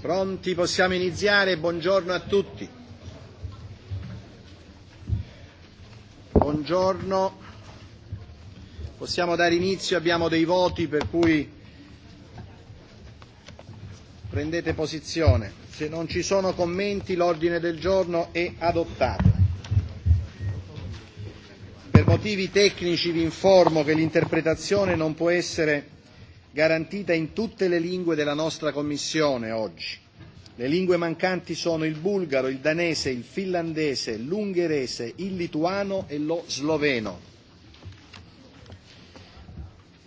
Pronti, possiamo iniziare. Buongiorno a tutti. Buongiorno. Possiamo dare inizio, abbiamo dei voti per cui prendete posizione. Se non ci sono commenti l'ordine del giorno è adottato. Per motivi tecnici vi informo che l'interpretazione non può essere garantita in tutte le lingue della nostra Commissione oggi. Le lingue mancanti sono il bulgaro, il danese, il finlandese, l'ungherese, il lituano e lo sloveno.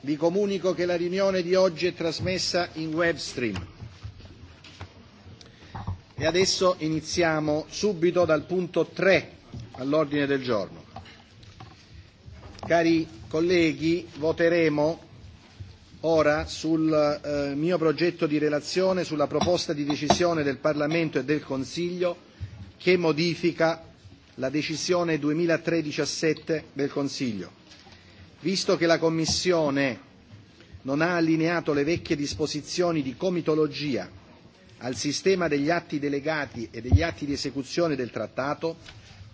Vi comunico che la riunione di oggi è trasmessa in web stream. E adesso iniziamo subito dal punto 3 all'ordine del giorno. Cari colleghi, voteremo ora sul eh, mio progetto di relazione sulla proposta di decisione del Parlamento e del Consiglio che modifica la decisione 2003-17 del Consiglio. Visto che la Commissione non ha allineato le vecchie disposizioni di comitologia al sistema degli atti delegati e degli atti di esecuzione del Trattato,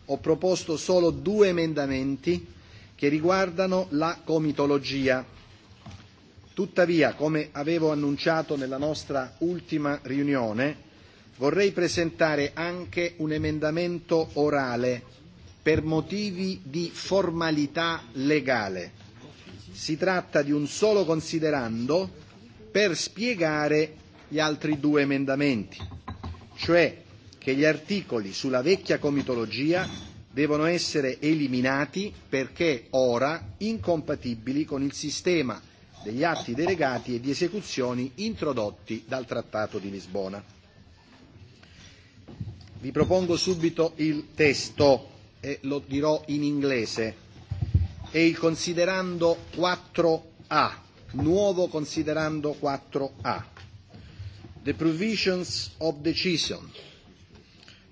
ho proposto solo due emendamenti che riguardano la comitologia Tuttavia, come avevo annunciato nella nostra ultima riunione, vorrei presentare anche un emendamento orale per motivi di formalità legale. Si tratta di un solo considerando per spiegare gli altri due emendamenti, cioè che gli articoli sulla vecchia comitologia devono essere eliminati perché ora incompatibili con il sistema degli atti delegati e di esecuzioni introdotti dal Trattato di Lisbona. Vi propongo subito il testo e lo dirò in inglese. È il considerando 4A, nuovo considerando 4A. The provisions of decision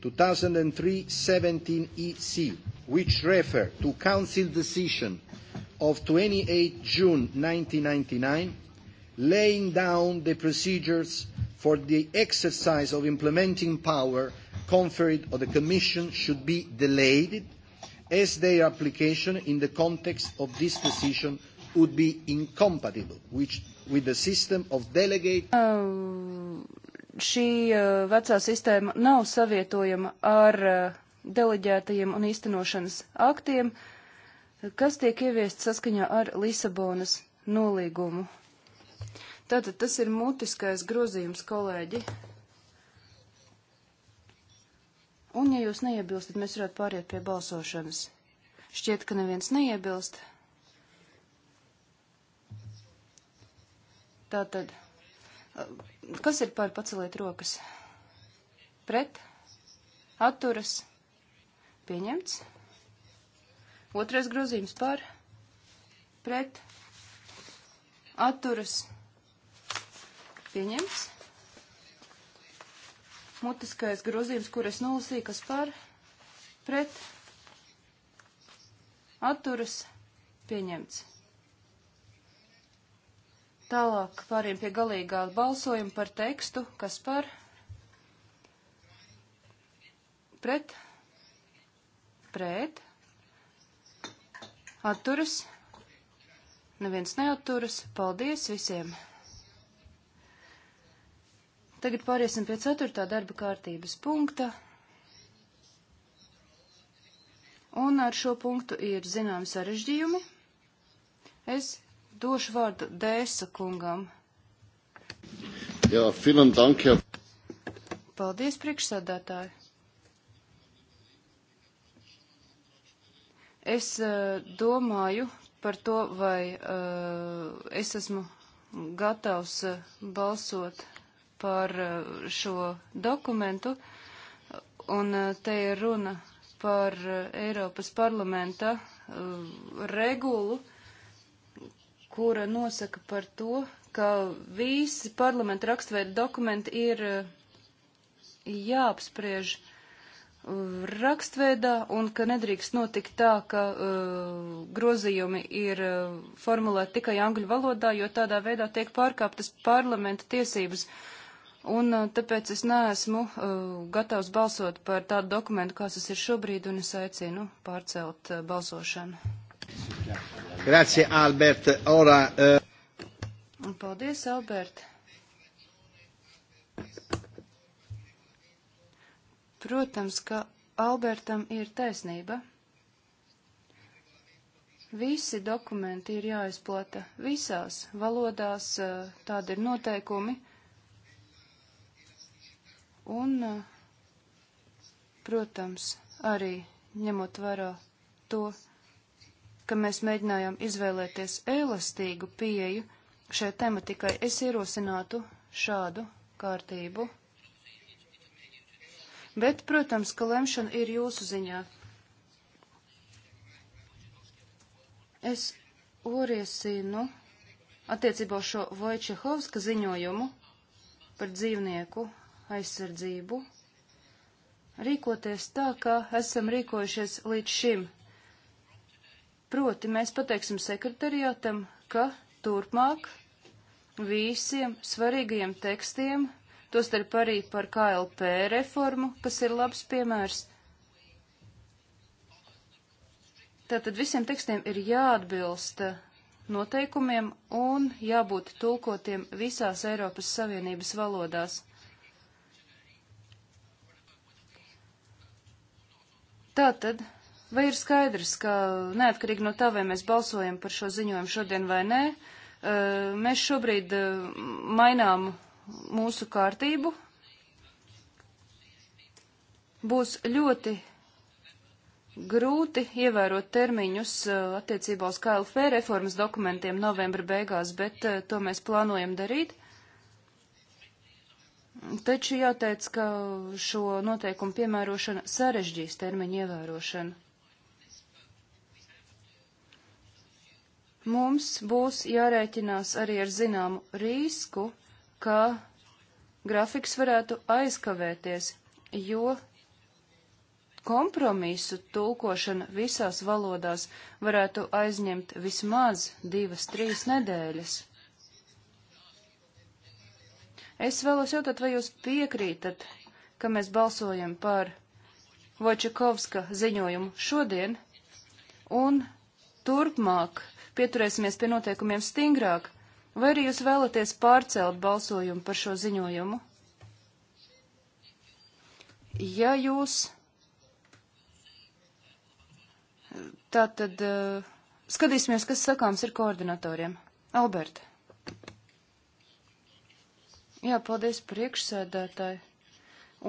2003-17 EC, which refer to Council decision 2003-17 of 28 June 1999, laying down the procedures for the exercise of implementing power conferred on the Commission should be delayed as their application in the context of this decision would be incompatible which, with the system of delegate. Uh, šī uh, vecā sistēma nav savietojama ar uh, deleģētajiem un īstenošanas aktiem. Uh, kas tiek ieviest saskaņā ar Lisabonas nolīgumu. Tātad tas ir mutiskais grozījums, kolēģi. Un, ja jūs neiebilstat, mēs varētu pāriet pie balsošanas. Šķiet, ka neviens neiebilst. Tātad, kas ir par paceliet rokas? Pret? Atturas? Pieņemts? Otrais grozījums par pret atturas pieņems. Mutiskais grozījums, kur es nolasīju, kas par pret atturas pieņemts. Tālāk pāriem pie galīgā balsojuma par tekstu, kas par pret pret Atturas? Neviens neatturas. Paldies visiem! Tagad pāriesim pie ceturtā darba kārtības punkta. Un ar šo punktu ir zinām sarežģījumi. Es došu vārdu Dēsa kungam. Jā, finan dank, jā. Paldies, priekšsādātāji. Es uh, domāju par to, vai uh, es esmu gatavs uh, balsot par uh, šo dokumentu, un uh, te ir runa par uh, Eiropas parlamenta uh, regulu, kura nosaka par to, ka visi parlamenta rakstveida dokumenti ir uh, jāapspriež uh, rakstveidā un ka nedrīkst notikt tā, ka uh, grozījumi ir uh, formulēti tikai angļu valodā, jo tādā veidā tiek pārkāptas parlamenta tiesības. Un uh, tāpēc es neesmu uh, gatavs balsot par tādu dokumentu, kāds tas ir šobrīd, un es aicinu pārcelt uh, balsošanu. Grazie, Albert. Ora, uh... Paldies, Albert. Protams, ka Albertam ir taisnība. Visi dokumenti ir jāizplata visās valodās, eh, tādi ir noteikumi. Un, eh, protams, arī ņemot vērā to, ka mēs mēģinājām izvēlēties elastīgu pieeju šai tematikai, es ierosinātu šādu kārtību bet, protams, ka lemšana ir jūsu ziņā. Es oriesinu attiecībā uz šo Vojčehovska ziņojumu par dzīvnieku aizsardzību rīkoties tā, kā esam rīkojušies līdz šim. Proti mēs pateiksim sekretariātam, ka turpmāk visiem svarīgajiem tekstiem tostarp arī par KLP reformu, kas ir labs piemērs. Tātad visiem tekstiem ir jāatbilst noteikumiem un jābūt tulkotiem visās Eiropas Savienības valodās. Tātad, vai ir skaidrs, ka neatkarīgi no tā, vai mēs balsojam par šo ziņojumu šodien vai nē, eh, mēs šobrīd eh, mainām mūsu kārtību, būs ļoti grūti ievērot termiņus uh, attiecībā uz KLF reformas dokumentiem novembra beigās, bet uh, to mēs plānojam darīt. Taču jāteic, ka šo noteikumu piemērošana sarežģīs termiņu ievērošanu. Mums būs jārēķinās arī ar zināmu risku, ka grafiks varētu aizkavēties, jo kompromisu tulkošana visās valodās varētu aizņemt vismaz divas, trīs nedēļas. Es vēlos jautāt, vai jūs piekrītat, ka mēs balsojam par Vočakovska ziņojumu šodien un turpmāk pieturēsimies pie noteikumiem stingrāk, Vai arī jūs vēlaties pārcelt balsojumu par šo ziņojumu? Ja jūs. Tātad uh, skatīsimies, kas sakāms ir koordinatoriem. Alberta. Jā, paldies priekšsēdētāji.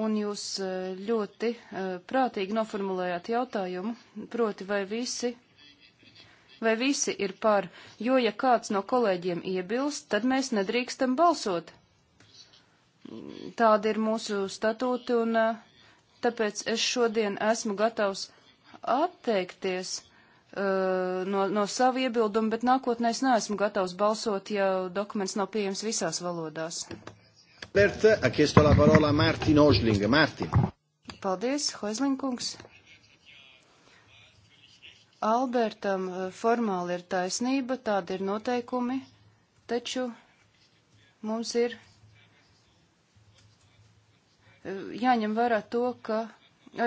Un jūs uh, ļoti uh, prātīgi noformulējāt jautājumu, proti vai visi vai visi ir par, jo ja kāds no kolēģiem iebilst, tad mēs nedrīkstam balsot. Tāda ir mūsu statūta, un eh, tāpēc es šodien esmu gatavs atteikties uh, no, no savu iebildumu, bet nākotnē es neesmu gatavs balsot, ja dokuments nav pieejams visās valodās. Paldies, Hoizlinkungs. Albertam eh, formāli ir taisnība, tādi ir noteikumi, taču mums ir eh, jāņem vērā to, ka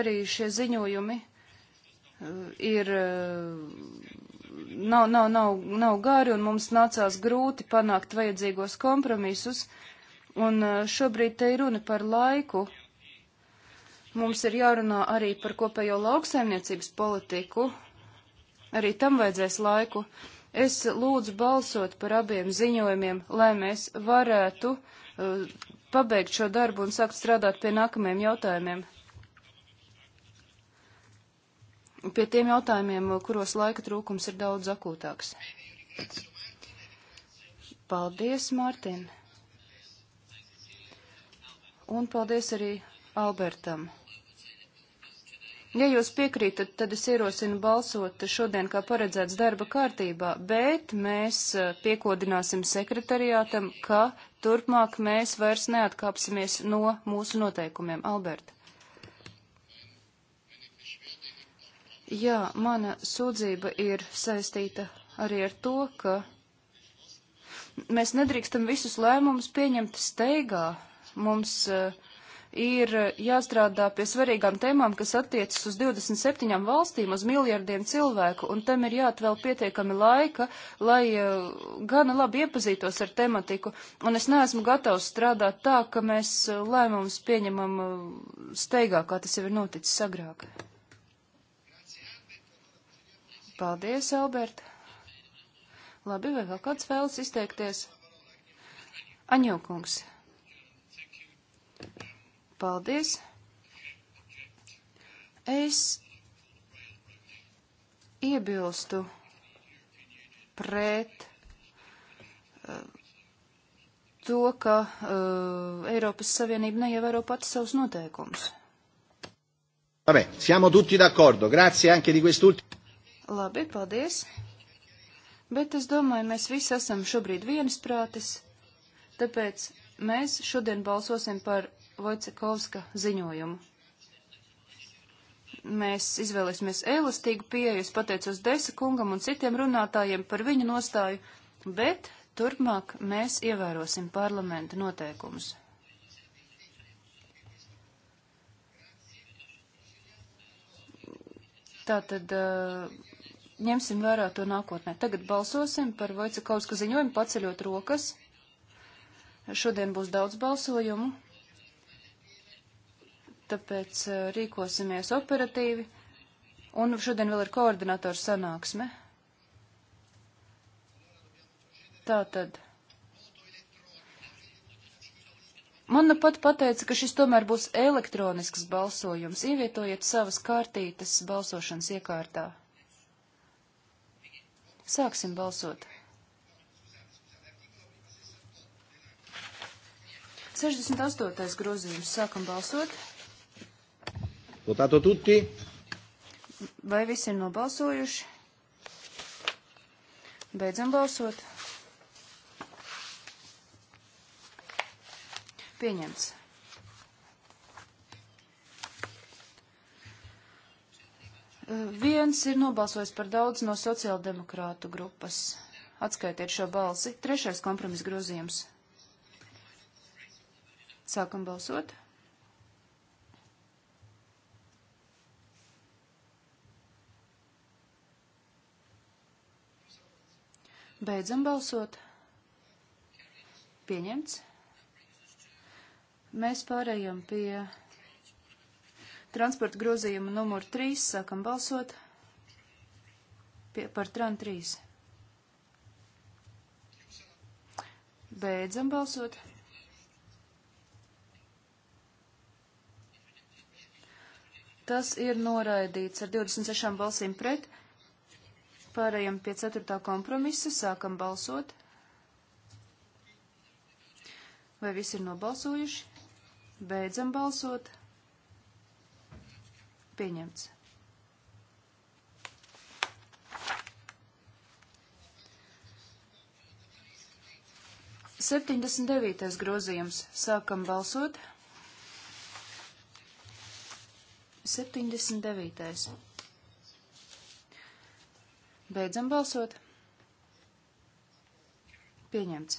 arī šie ziņojumi eh, ir nav, nav, nav, nav gari, un mums nācās grūti panākt vajadzīgos kompromisus, un šobrīd te ir runa par laiku. Mums ir jārunā arī par kopējo lauksaimniecības politiku, Arī tam vajadzēs laiku. Es lūdzu balsot par abiem ziņojumiem, lai mēs varētu uh, pabeigt šo darbu un sākt strādāt pie nākamajiem jautājumiem. Pie tiem jautājumiem, uh, kuros laika trūkums ir daudz akūtāks. Paldies, Mārtiņ! Un paldies arī Albertam. Ja jūs piekrītat, tad es ierosinu balsot šodien, kā paredzēts darba kārtībā, bet mēs eh, piekodināsim sekretariātam, ka turpmāk mēs vairs neatkāpsimies no mūsu noteikumiem. Alberta. Jā, mana sūdzība ir saistīta arī ar to, ka mēs nedrīkstam visus lēmumus pieņemt steigā. Mums uh, ir eh, jāstrādā pie svarīgām tēmām, kas attiecas uz 27 valstīm, uz miljardiem cilvēku, un tam ir jāatvēl pietiekami laika, lai eh, gana labi iepazītos ar tematiku. Un es neesmu gatavs strādāt tā, ka mēs eh, lēmumus pieņemam steigā, kā tas jau ir noticis agrāk. Paldies, Alberta. Labi, vai vēl kāds vēlas izteikties? Aņokungs. Paldies. Es iebilstu pret uh, to, ka uh, Eiropas Savienība neievēro pati savus noteikumus. Vabbè, siamo tutti d'accordo. Grazie anche di quest'ultimo. Labi, paldies. Bet es domāju, mēs visi esam šobrīd viensprātis, tāpēc mēs šodien balsosim par Vojcekovska ziņojumu. Mēs izvēlēsimies elastīgu pieeju, es pateicos Desa kungam un citiem runātājiem par viņu nostāju, bet turpmāk mēs ievērosim parlamenta noteikumus. Tātad ņemsim vērā to nākotnē. Tagad balsosim par Vojcekovsku ziņojumu, paceļot rokas. Šodien būs daudz balsojumu tāpēc eh, rīkosimies operatīvi. Un šodien vēl ir koordinatoru sanāksme. Tātad. Man nu pat pateica, ka šis tomēr būs elektronisks balsojums. Ievietojiet savas kārtītes balsošanas iekārtā. Sāksim balsot. 68. grozījums. Sākam balsot. Votato tutti? Vai visi ir nobalsojuši? Beidzam balsot. Pieņemts. Viens ir nobalsojis par daudz no sociāldemokrātu grupas. Atskaitiet šo balsi. Trešais kompromis grozījums. Sākam balsot. Beidzam balsot. Pieņemts. Mēs pārējām pie transporta grozījuma numur 3. Sākam balsot pie, par tran 3. Beidzam balsot. Tas ir noraidīts ar 26 balsīm pret. Pārējām pie 4. kompromisa. Sākam balsot. Vai visi ir nobalsojuši? Beidzam balsot. Pieņemts. Septiņdesmit devītais grozījums. Sākam balsot. Septiņdesmit devītais. Beidzam balsot. Pieņemts.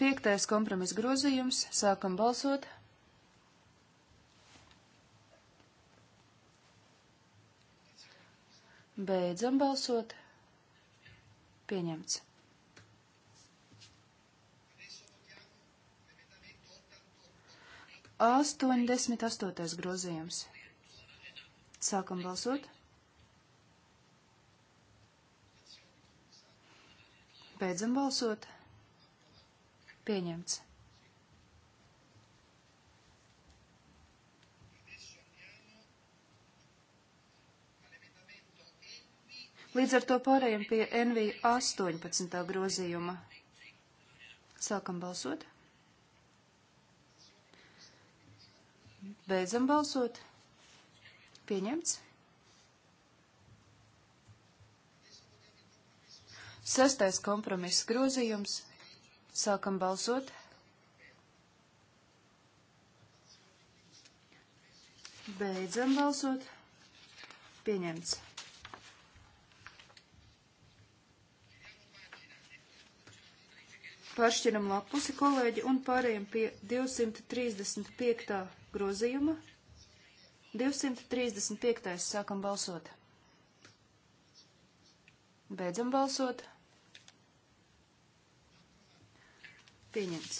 Piektais kompromis grozījums. Sākam balsot. Beidzam balsot. Pieņemts. Astoņdesmit astotais grozījums. Sākam balsot. Beidzam balsot. Pieņemts. Līdz ar to pārējiem pie NV 18. grozījuma. Sākam balsot. Beidzam balsot. Pieņemts. Sastais kompromiss grozījums. Sākam balsot. Beidzam balsot. Pieņemts. Pāršķiram lapusi, kolēģi, un pārējiem pie 235. grozījuma. 235. sākam balsot. Beidzam balsot. Pieņemts.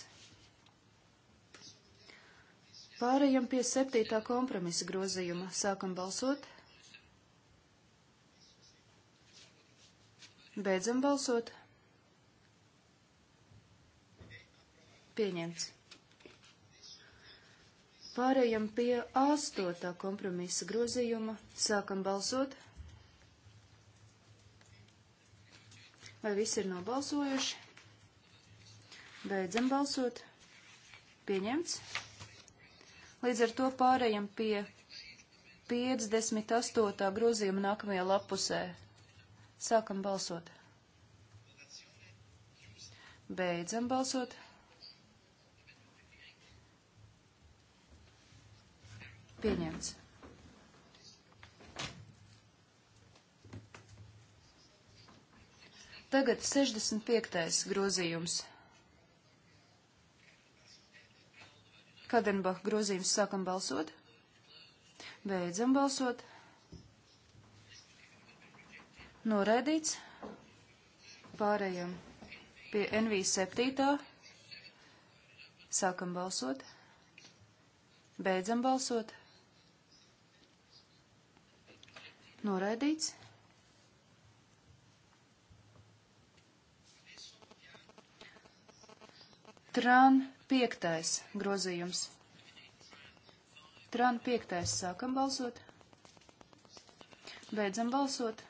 Pārējam pie septītā kompromisa grozījuma. Sākam balsot. Beidzam balsot. Pieņemts. Pārējam pie astotā kompromisa grozījuma. Sākam balsot. Vai visi ir nobalsojuši? Beidzam balsot. Pieņemts. Līdz ar to pārējam pie 58. grozījuma nākamajā lapusē. Sākam balsot. Beidzam balsot. Pieņemts. Tagad 65. grozījums. Kadenbach grozījums sākam balsot. Beidzam balsot. Noraidīts. Pārējam pie NV7. Sākam balsot. Beidzam balsot. Noraidīts. Tran Piektais grozījums. Tran piektais sākam balsot. Beidzam balsot.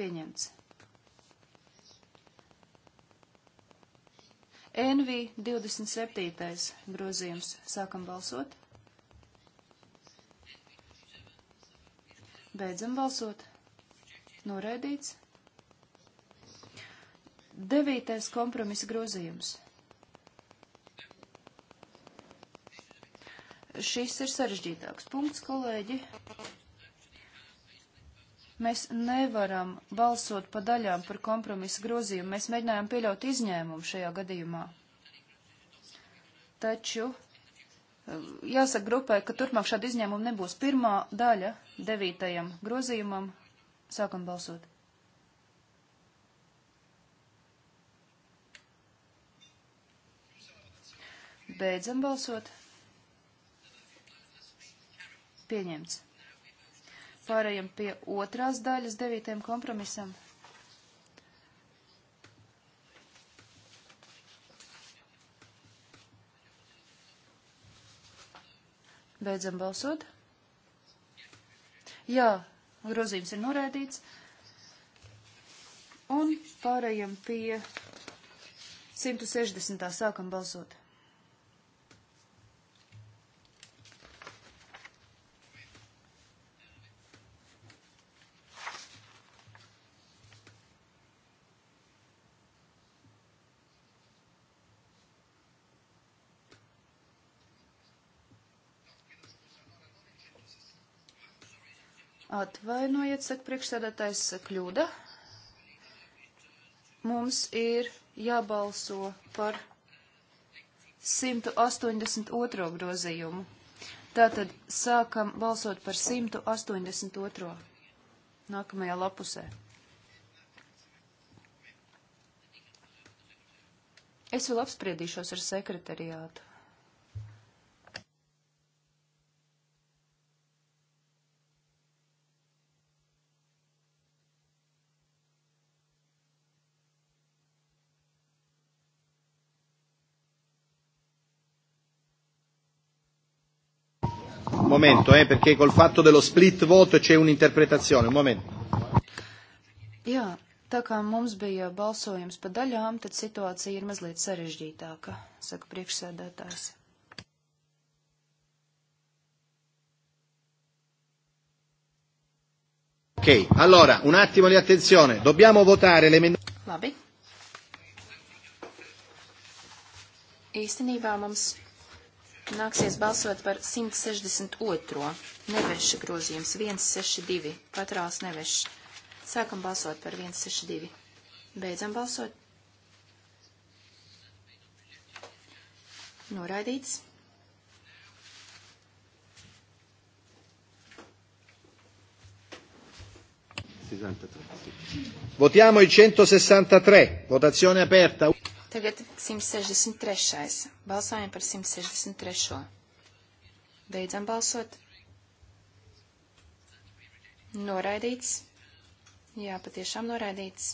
Pieņemts. NV 27. grozījums. Sākam balsot. Beidzam balsot. Noraidīts. Devītais kompromisa grozījums. Šis ir sarežģītāks punkts, kolēģi. Mēs nevaram balsot pa daļām par kompromisa grozījumu. Mēs mēģinājām pieļaut izņēmumu šajā gadījumā. Taču um, jāsaka grupai, ka turpmāk šāda izņēmuma nebūs. Pirmā daļa devītajam grozījumam. Sākam balsot. Beidzam balsot. Pieņemts. Pārējiem pie otrās daļas devītajam kompromisam. Beidzam balsot. Jā, grozījums ir noraidīts. Un pārējiem pie 160. sākam balsot. Atvainojiet, saka priekšsēdētājs kļūda. Mums ir jābalso par 182. grozījumu. Tātad sākam balsot par 182. nākamajā lapusē. Es vēl apspriedīšos ar sekretariātu. momento, eh, perché col fatto dello split vote c'è un'interpretazione. Un momento. Jā, tā kā mums bija balsojums pa daļām, tad situācija ir mazliet sarežģītāka, saka priekšsēdētājs. Ok, allora, un attimo di attenzione, dobbiamo votare l'emendamento. Labi. Īstenībā mums Nāksies balsot par 162. Neveša grozījums 162. Patrāls nevešs. Sākam balsot par 162. Beidzam balsot. Noraidīts. Votiamo il 163. Votazione aperta. Tagad 163. Balsojam par 163. Beidzam balsot. Noraidīts. Jā, patiešām noraidīts.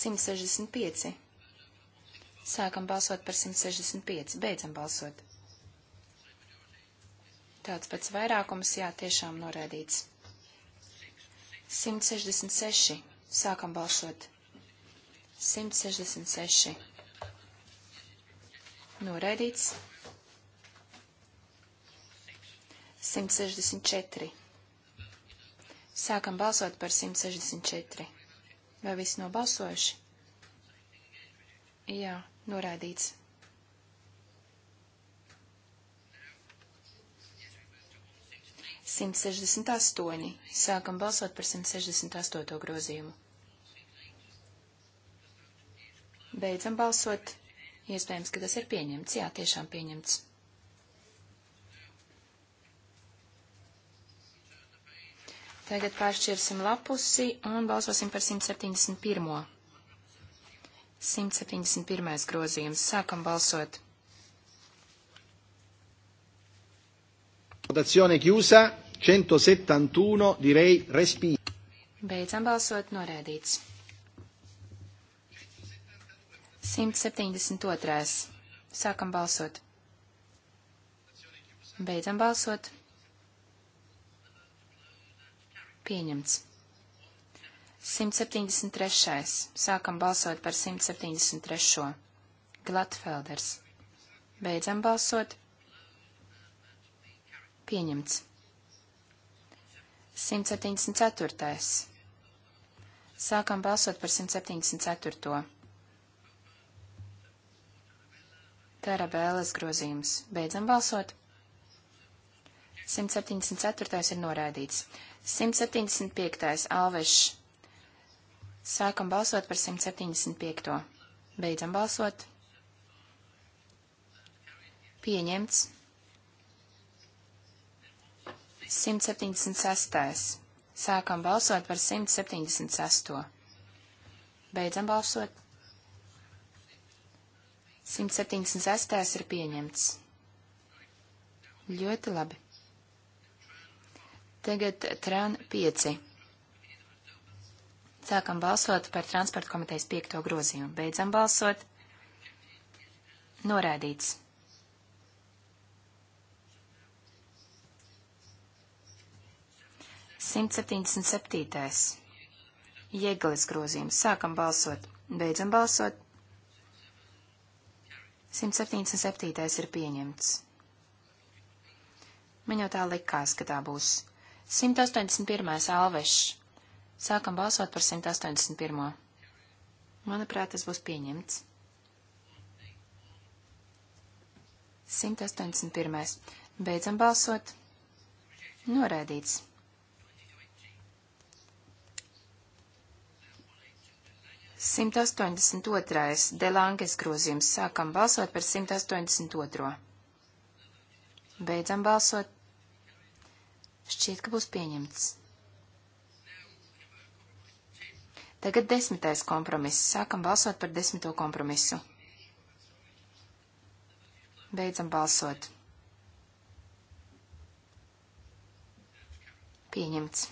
165. Sākam balsot par 165. Beidzam balsot. Tāds pēc vairākums, jā, tiešām noraidīts. 166. Sākam balsot. 166. Noraidīts. 164. Sākam balsot par 164. Vai visi nobalsojuši? Jā, noraidīts. Simt sešdesmit astoņi. Sākam balsot par simt sešdesmit astoto grozījumu. Beidzam balsot. Iespējams, ka tas ir pieņemts. Jā, tiešām pieņemts. Tagad pāršķirsim lapusi un balsosim par 171. 171. grozījums. Sākam balsot. Votazione chiusa, 171, direi respinto. Beidzam balsot, norēdīts. 172. Sākam balsot. Beidzam balsot. Pieņemts. 173. Sākam balsot par 173. Glatfelders. Beidzam balsot. Pieņemts. 174. Sākam balsot par 174. Tarabēlas grozījums. Beidzam balsot. 174. ir noraidīts. 175. Alvešs. Sākam balsot par 175. Beidzam balsot. Pieņemts. 176. Sākam balsot par 176. Beidzam balsot. 176. ir pieņemts. Ļoti labi. Tagad tran 5. Sākam balsot par transporta komitejas piekto grozījumu. Beidzam balsot. Norādīts. Simt septiņdesmit septītais. Jēglis grozījums. Sākam balsot. Beidzam balsot. 177. ir pieņemts. Man jau tā likās, ka tā būs. 181. alvešs. Sākam balsot par 181. Manuprāt, tas būs pieņemts. 181. Beidzam balsot. Noraidīts. 182. Delanges grozījums. Sākam balsot par 182. Beidzam balsot. Šķiet, ka būs pieņemts. Tagad desmitais kompromiss. Sākam balsot par desmito kompromisu. Beidzam balsot. Pieņemts.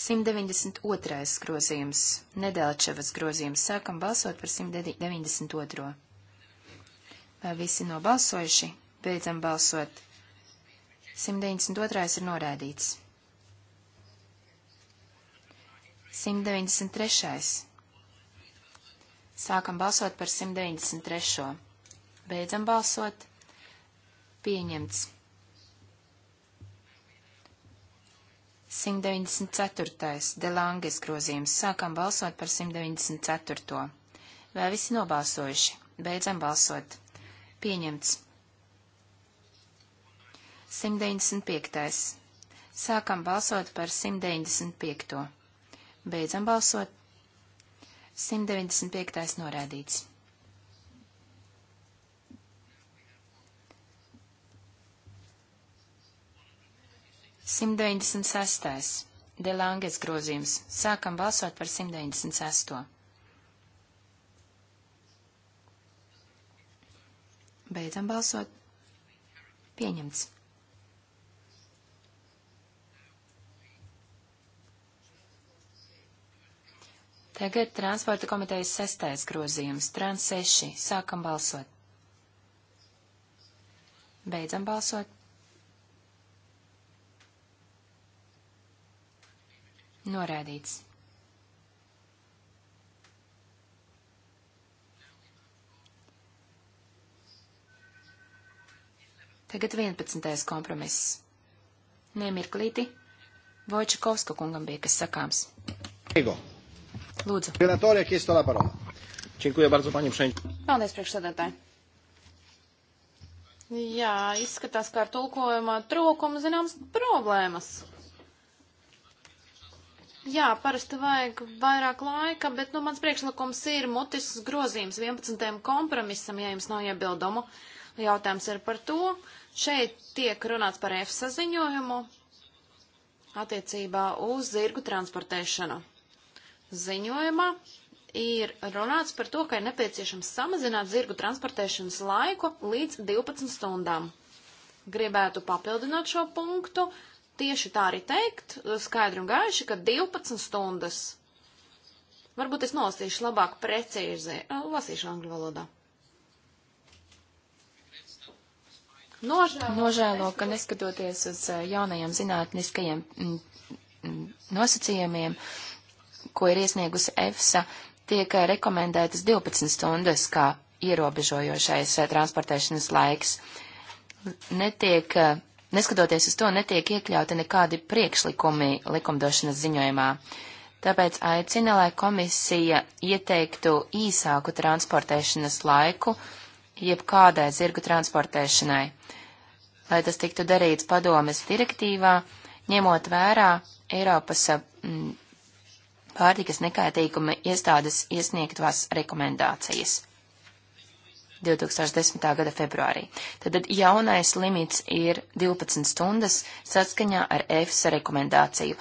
192. grozījums, Nedelčevas grozījums. Sākam balsot par 192. Vai visi nobalsojuši? Beidzam balsot. 192. ir norādīts. 193. Sākam balsot par 193. Beidzam balsot. Pieņemts. 194. Delanges grozījums. Sākam balsot par 194. Vai visi nobalsojuši? Beidzam balsot. Pieņemts. 195. Sākam balsot par 195. Beidzam balsot. 195. norādīts. 196. Delanges grozījums. Sākam balsot par 196. Beidzam balsot. Pieņemts. Tagad transporta komitejas sestais grozījums, trans 6. Sākam balsot. Beidzam balsot. Norādīts. Tagad 11. kompromiss. Nemirklīti. Vojčakovska kungam bija kas sakāms. Ego. Lūdzu. Renatorija Kisto la parola. Činkuja bardzo, paņem šeit. Paldies, priekšsēdētāji. Jā, izskatās, ka ar tulkojumā trūkumu zināms problēmas. Jā, parasti vajag vairāk laika, bet nu, mans priekšlikums ir mutisks grozījums 11. kompromisam, ja jums nav iebildumu. Jautājums ir par to. Šeit tiek runāts par EFSA ziņojumu attiecībā uz zirgu transportēšanu. Ziņojumā ir runāts par to, ka ir nepieciešams samazināt zirgu transportēšanas laiku līdz 12 stundām. Gribētu papildināt šo punktu tieši tā arī teikt, skaidri un gaiši, ka 12 stundas. Varbūt es nolasīšu labāk precīzi, lasīšu angļu valodā. Nožēlo, Nožēlo ka neskatoties uz jaunajiem zinātniskajiem nosacījumiem, ko ir iesniegusi EFSA, tiek rekomendētas 12 stundas kā ierobežojošais transportēšanas laiks. Netiek Neskatoties uz to, netiek iekļauti nekādi priekšlikumi likumdošanas ziņojumā. Tāpēc aicina, lai komisija ieteiktu īsāku transportēšanas laiku jebkādai zirgu transportēšanai, lai tas tiktu darīts padomes direktīvā, ņemot vērā Eiropas m, mm, pārtikas nekaitīguma iestādes iesniegtās rekomendācijas. 2010. gada februārī. Tad jaunais limits ir 12 stundas saskaņā ar EFSA rekomendāciju.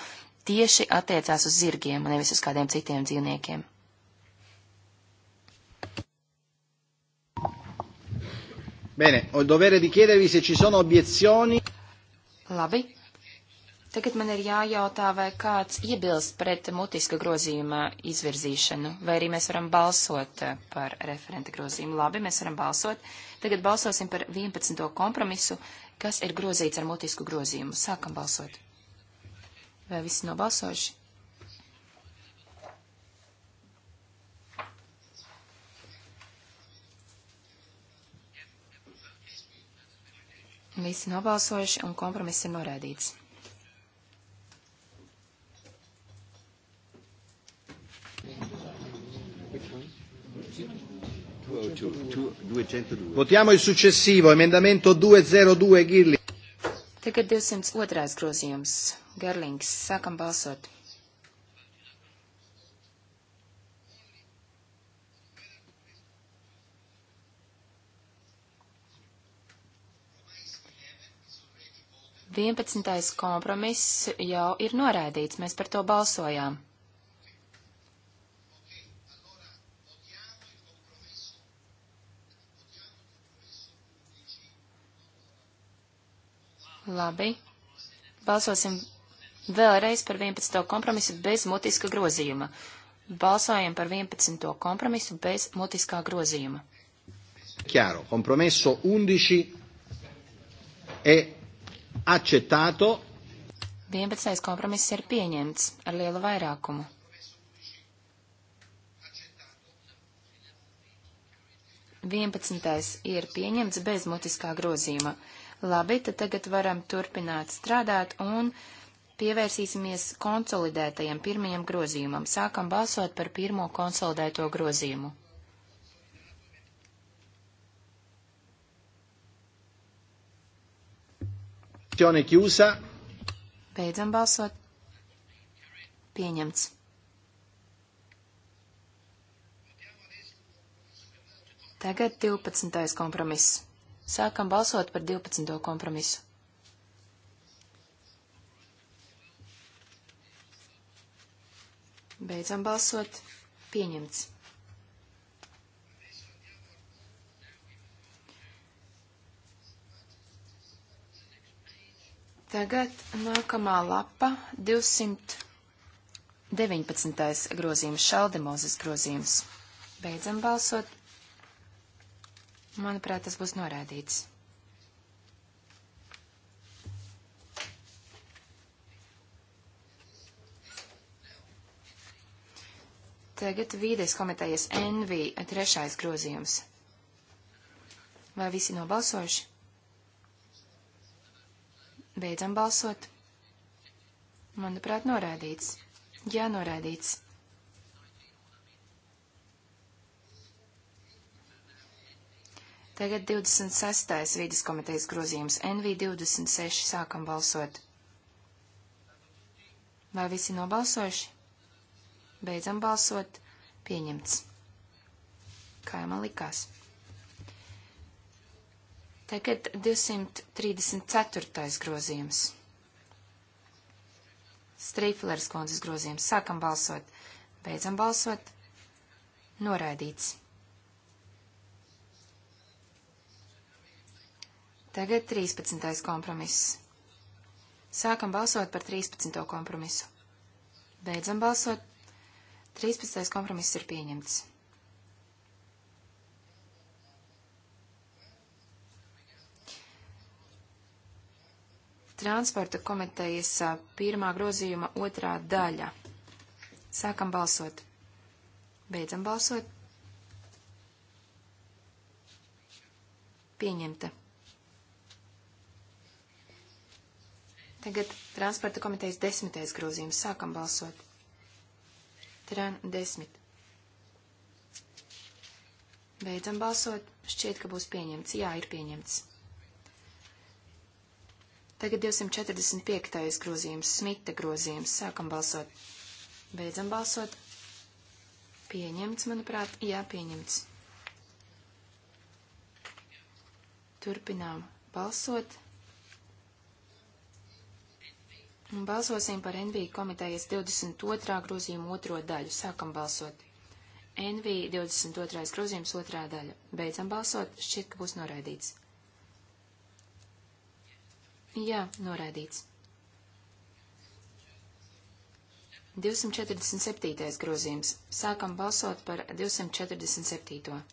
Tieši attiecās uz zirgiem, nevis uz kādiem citiem dzīvniekiem. Bene, ho dovere di chiedervi se ci sono obiezioni. Labi, Tagad man ir jājautā, vai kāds iebilst pret mutiska grozījuma izvirzīšanu, vai arī mēs varam balsot par referenta grozījumu. Labi, mēs varam balsot. Tagad balsosim par 11. kompromisu, kas ir grozīts ar mutisku grozījumu. Sākam balsot. Vai visi nobalsojuši? Visi nobalsojuši un kompromiss ir norādīts. Votiamo il successivo, emendamento 202 Girling. Tagad 202. grozījums. Garlings, sākam balsot. Vienpadsmitais kompromiss jau ir noraidīts, mēs par to balsojām. Labi. Balsosim vēlreiz par 11. kompromisu bez mutiska grozījuma. Balsojam par 11. kompromisu bez mutiskā grozījuma. Chiaro, compromesso 11 è accettato. 11. kompromiss ir pieņemts ar lielu vairākumu. Vienpadsmitais ir pieņemts bez mutiskā grozījuma. Labi, tad tagad varam turpināt strādāt un pievērsīsimies konsolidētajam pirmajam grozījumam. Sākam balsot par pirmo konsolidēto grozījumu. Beidzam balsot. Pieņemts. Tagad 12. kompromiss. Sākam balsot par 12. kompromisu. Beidzam balsot. Pieņemts. Tagad nākamā lapa 219. grozījums, šaldemozes grozījums. Beidzam balsot. Manuprāt, tas būs norādīts. Tagad vīdes komitejas NV trešais grozījums. Vai visi nobalsojuši? Beidzam balsot. Manuprāt, norādīts. Jā, norādīts. Tagad 26. vīdes komitejas grozījums NV26 sākam balsot. Vai visi nobalsojuši? Beidzam balsot. Pieņemts. Kā jau man likās. Tagad 234. grozījums. Strīflers kundzes grozījums. Sākam balsot. Beidzam balsot. Noraidīts. Tagad 13. kompromiss. Sākam balsot par 13. kompromisu. Beidzam balsot. 13. kompromiss ir pieņemts. Transporta komitejas pirmā grozījuma otrā daļa. Sākam balsot. Beidzam balsot. Pieņemta. Tagad transporta komitejas desmitais grozījums. Sākam balsot. Tran desmit. Beidzam balsot. Šķiet, ka būs pieņemts. Jā, ir pieņemts. Tagad 245. grozījums, smita grozījums. Sākam balsot. Beidzam balsot. Pieņemts, manuprāt. Jā, pieņemts. Turpinām balsot. Balsosim par NV komitejas 22. grozījumu otro daļu. Sākam balsot. NV 22. grozījums otrā daļa. Beidzam balsot. Šķiet, ka būs noraidīts. Jā, noraidīts. 247. grozījums. Sākam balsot par 247.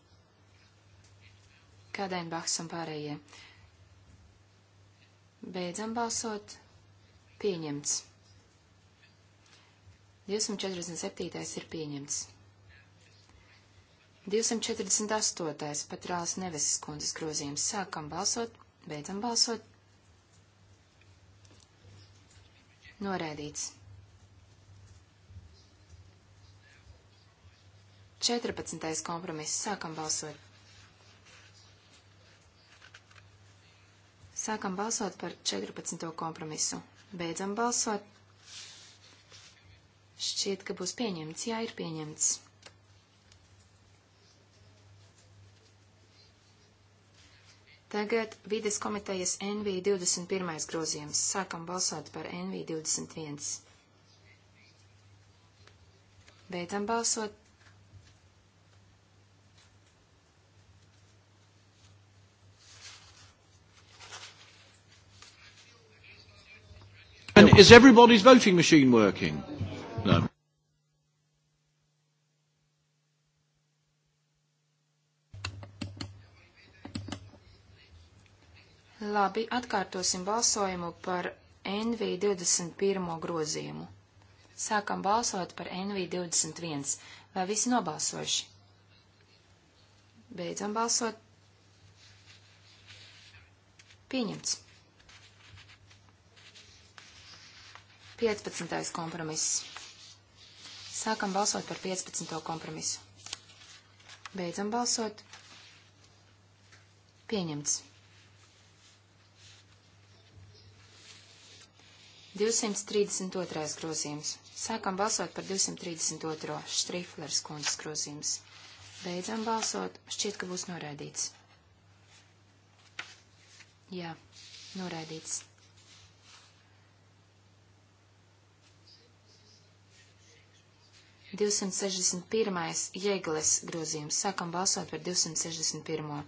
Kādēļ Bahs un pārējie? Beidzam balsot. Pieņemts. 247. ir pieņemts. 248. patrāls neveses kundzes grozījums. Sākam balsot, beidzam balsot. Norēdīts. 14. kompromiss. Sākam balsot. Sākam balsot par 14. kompromisu. Beidzam balsot. Šķiet, ka būs pieņemts. Jā, ir pieņemts. Tagad vides komitejas NV21 grozījums. Sākam balsot par NV21. Beidzam balsot. Is everybody's voting machine working? No. Labi, atkārtosim balsojumu par NV21 grozījumu. Sākam balsot par NV21. Vai visi nobalsojuši? Beidzam balsot. Pieņemts. 15. kompromiss. Sākam balsot par 15. kompromisu. Beidzam balsot. Pieņemts. 232. grozījums. Sākam balsot par 232. Štriflers kundzes grozījums. Beidzam balsot. Šķiet, ka būs noraidīts. Jā, noraidīts. 261. jēgles grozījums. Sākam balsot par 261.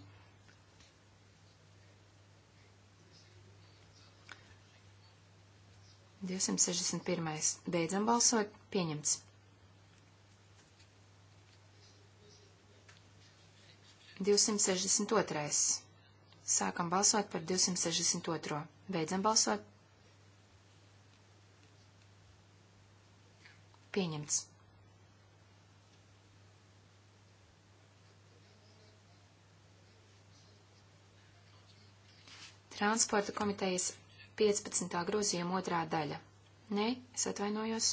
Divsimt sešdesmit pirmais. Beidzam balsot. Pieņemts. Divsimt sešdesmit otrais. Sākam balsot par divsimt sešdesmit otro. Beidzam balsot. Pieņemts. Transporta komitejas 15. grozījuma otrā daļa. Nē, es atvainojos.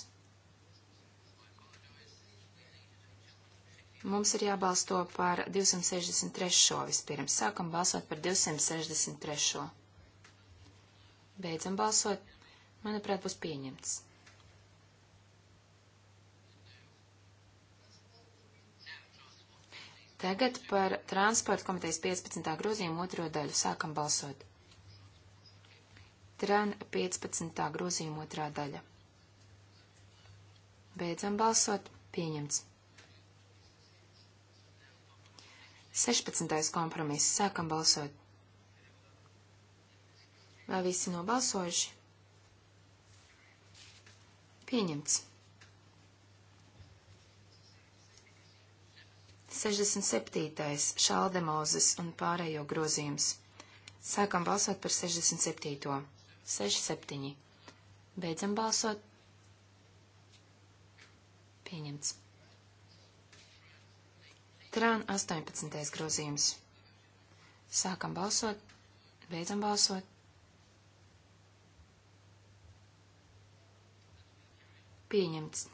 Mums ir jābalsto par 263. vispirms. Sākam balsot par 263. Beidzam balsot. Manuprāt, būs pieņemts. Tagad par transporta komitejas 15. grozījumu otro daļu sākam balsot tran 15. grozījuma otrā daļa. Beidzam balsot. Pieņemts. 16. kompromiss. Sākam balsot. Vai visi nobalsojuši? Pieņemts. 67. šaldemozes un pārējo grozījums. Sākam balsot par 67. 6, 7. Beidzam balsot. Pieņemts. Trān 18. grozījums. Sākam balsot. Beidzam balsot. Pieņemts.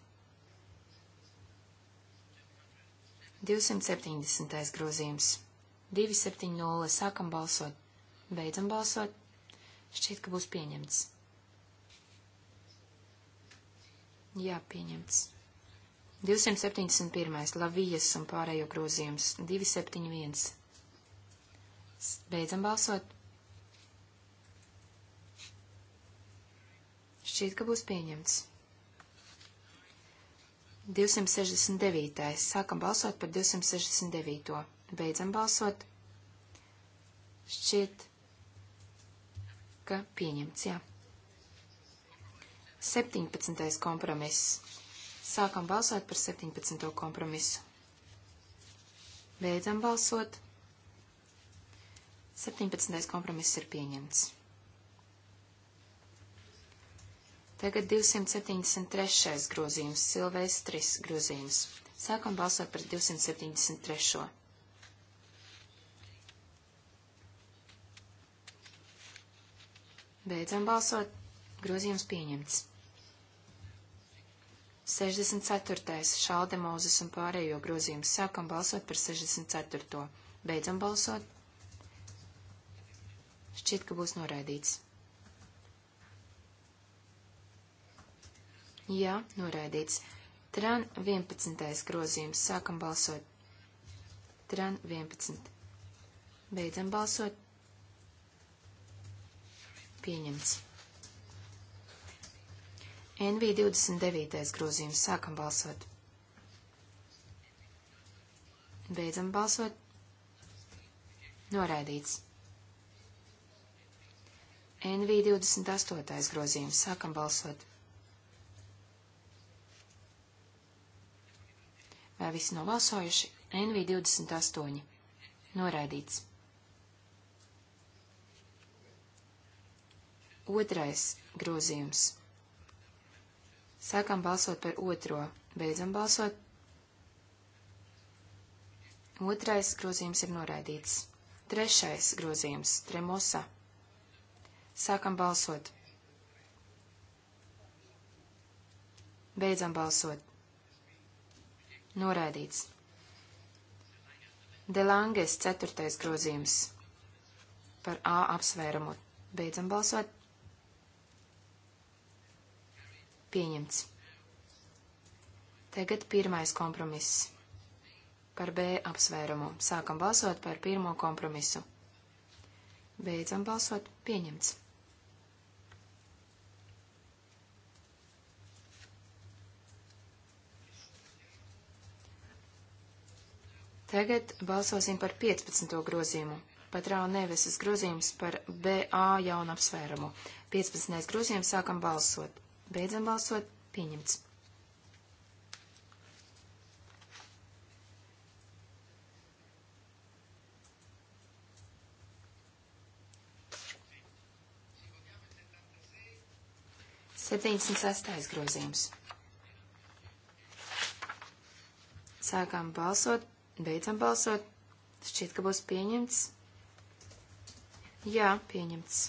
270. grozījums. 270. Sākam balsot. Beidzam balsot. Šķiet, ka būs pieņemts. Jā, pieņemts. 271. Lavijas un pārējo grozījums 271. Beidzam balsot. Šķiet, ka būs pieņemts. 269. Sākam balsot par 269. Beidzam balsot. Šķiet, ka pieņemts, jā. 17. kompromiss. Sākam balsot par 17. kompromisu. Beidzam balsot. 17. kompromiss ir pieņemts. Tagad 273. grozījums, Silvestris grozījums. Sākam balsot par 273. Beidzam balsot. Grozījums pieņemts. 64. Šalde Mozes un pārējo grozījums. Sākam balsot par 64. Beidzam balsot. Šķiet, ka būs noraidīts. Jā, noraidīts. Tran 11. grozījums. Sākam balsot. Tran 11. Beidzam balsot. Pieņemts. NV 29. grozījums. Sākam balsot. Beidzam balsot. Noraidīts. NV 28. grozījums. Sākam balsot. Vai visi nobalsojuši? NV 28. Noraidīts. Otrais grozījums. Sākam balsot par otro, beidzam balsot. Otrais grozījums ir noraidīts. Trešais grozījums - tremosa. Sākam balsot. Beidzam balsot. Noraidīts. Delanges ceturtais grozījums par A apsvērumu. Beidzam balsot. Pieņemts. Tagad pirmais kompromiss. Par B apsvērumu. Sākam balsot par pirmo kompromisu. Beidzam balsot. Pieņemts. Tagad balsosim par 15. grozījumu. Patrāla neveses grozījums par BA jaunu apsvērumu. 15. grozījums sākam balsot. Beidzam balsot. Pieņemts. Septiņdesmit sastais grozījums. Sākām balsot, beidzam balsot. Šķiet, ka būs pieņemts. Jā, pieņemts.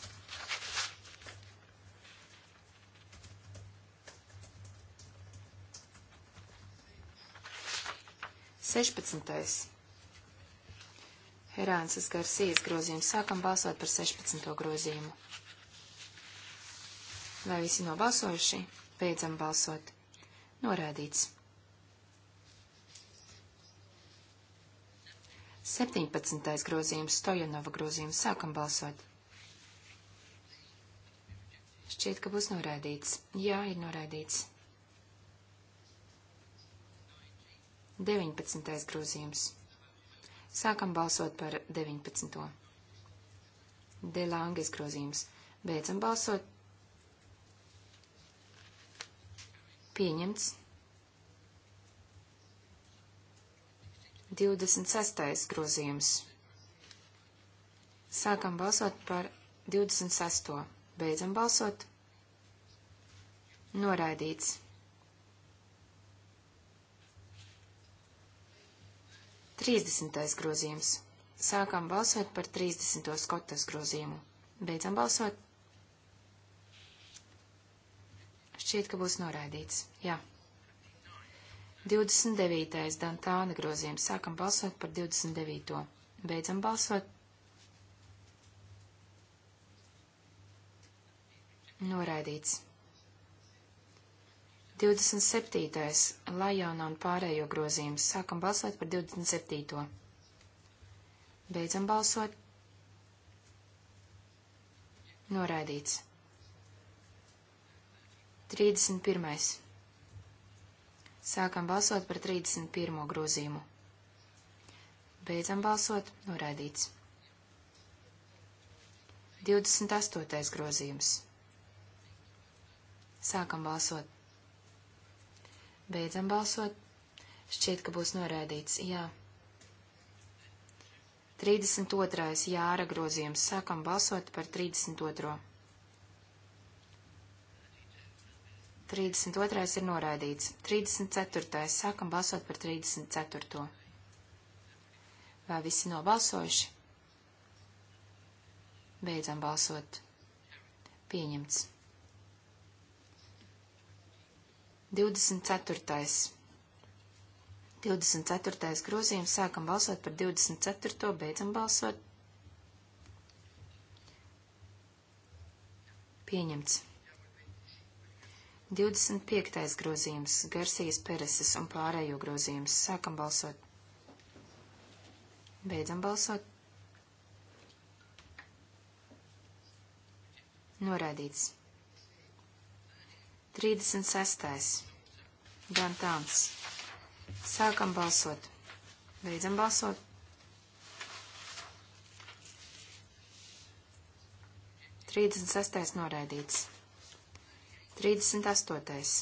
16. Herānsas Garcijas grozījums. Sākam balsot par 16. grozījumu. Vai visi nobalsojuši? Beidzam balsot. Norādīts. 17. grozījums Stojanova grozījums. Sākam balsot. Šķiet, ka būs norādīts. Jā, ir norādīts. 19. grozījums. Sākam balsot par 19. Delāngas grozījums. Beidzam balsot. Pieņemts. 26. grozījums. Sākam balsot par 26. Beidzam balsot. Noraidīts. 30. grozījums. Sākam balsot par 30. skotas grozījumu. Beidzam balsot. Šķiet, ka būs noraidīts. Jā. 29. Dantāna grozījums. Sākam balsot par 29. Beidzam balsot. Noraidīts. 27. Lajona un pārējo grozījums. Sākam balsot par 27. Beidzam balsot. Noraidīts. 31. Sākam balsot par 31. grozījumu. Beidzam balsot. Noraidīts. 28. grozījums. Sākam balsot Beidzam balsot. Šķiet, ka būs noraidīts. Jā. 32. jāra grozījums. Sākam balsot par 32. 32. ir noraidīts. 34. sākam balsot par 34. Vai visi nobalsojuši? Beidzam balsot. Pieņemts. 24. 24. grozījums sākam balsot par 24. beidzam balsot. Pieņemts. 25. grozījums - Garsijas Pereses un pārējo grozījums. Sākam balsot. Beidzam balsot. Norādīts. 36. Dantāns. Sākam balsot. Beidzam balsot. Trīsdesmit sestais noraidīts. Trīsdesmit astotais.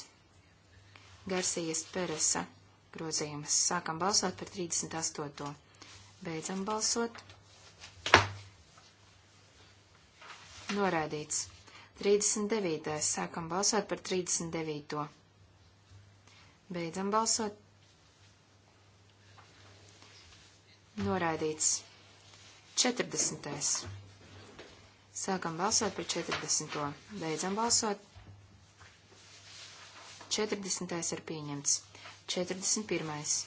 Garsijas Peresa grozījums. Sākam balsot par 38. Beidzam balsot. Noraidīts. 39. Sākam balsot par 39. Beidzam balsot. Noraidīts. 40. Sākam balsot par 40. Beidzam balsot. 40. ir pieņemts. 41.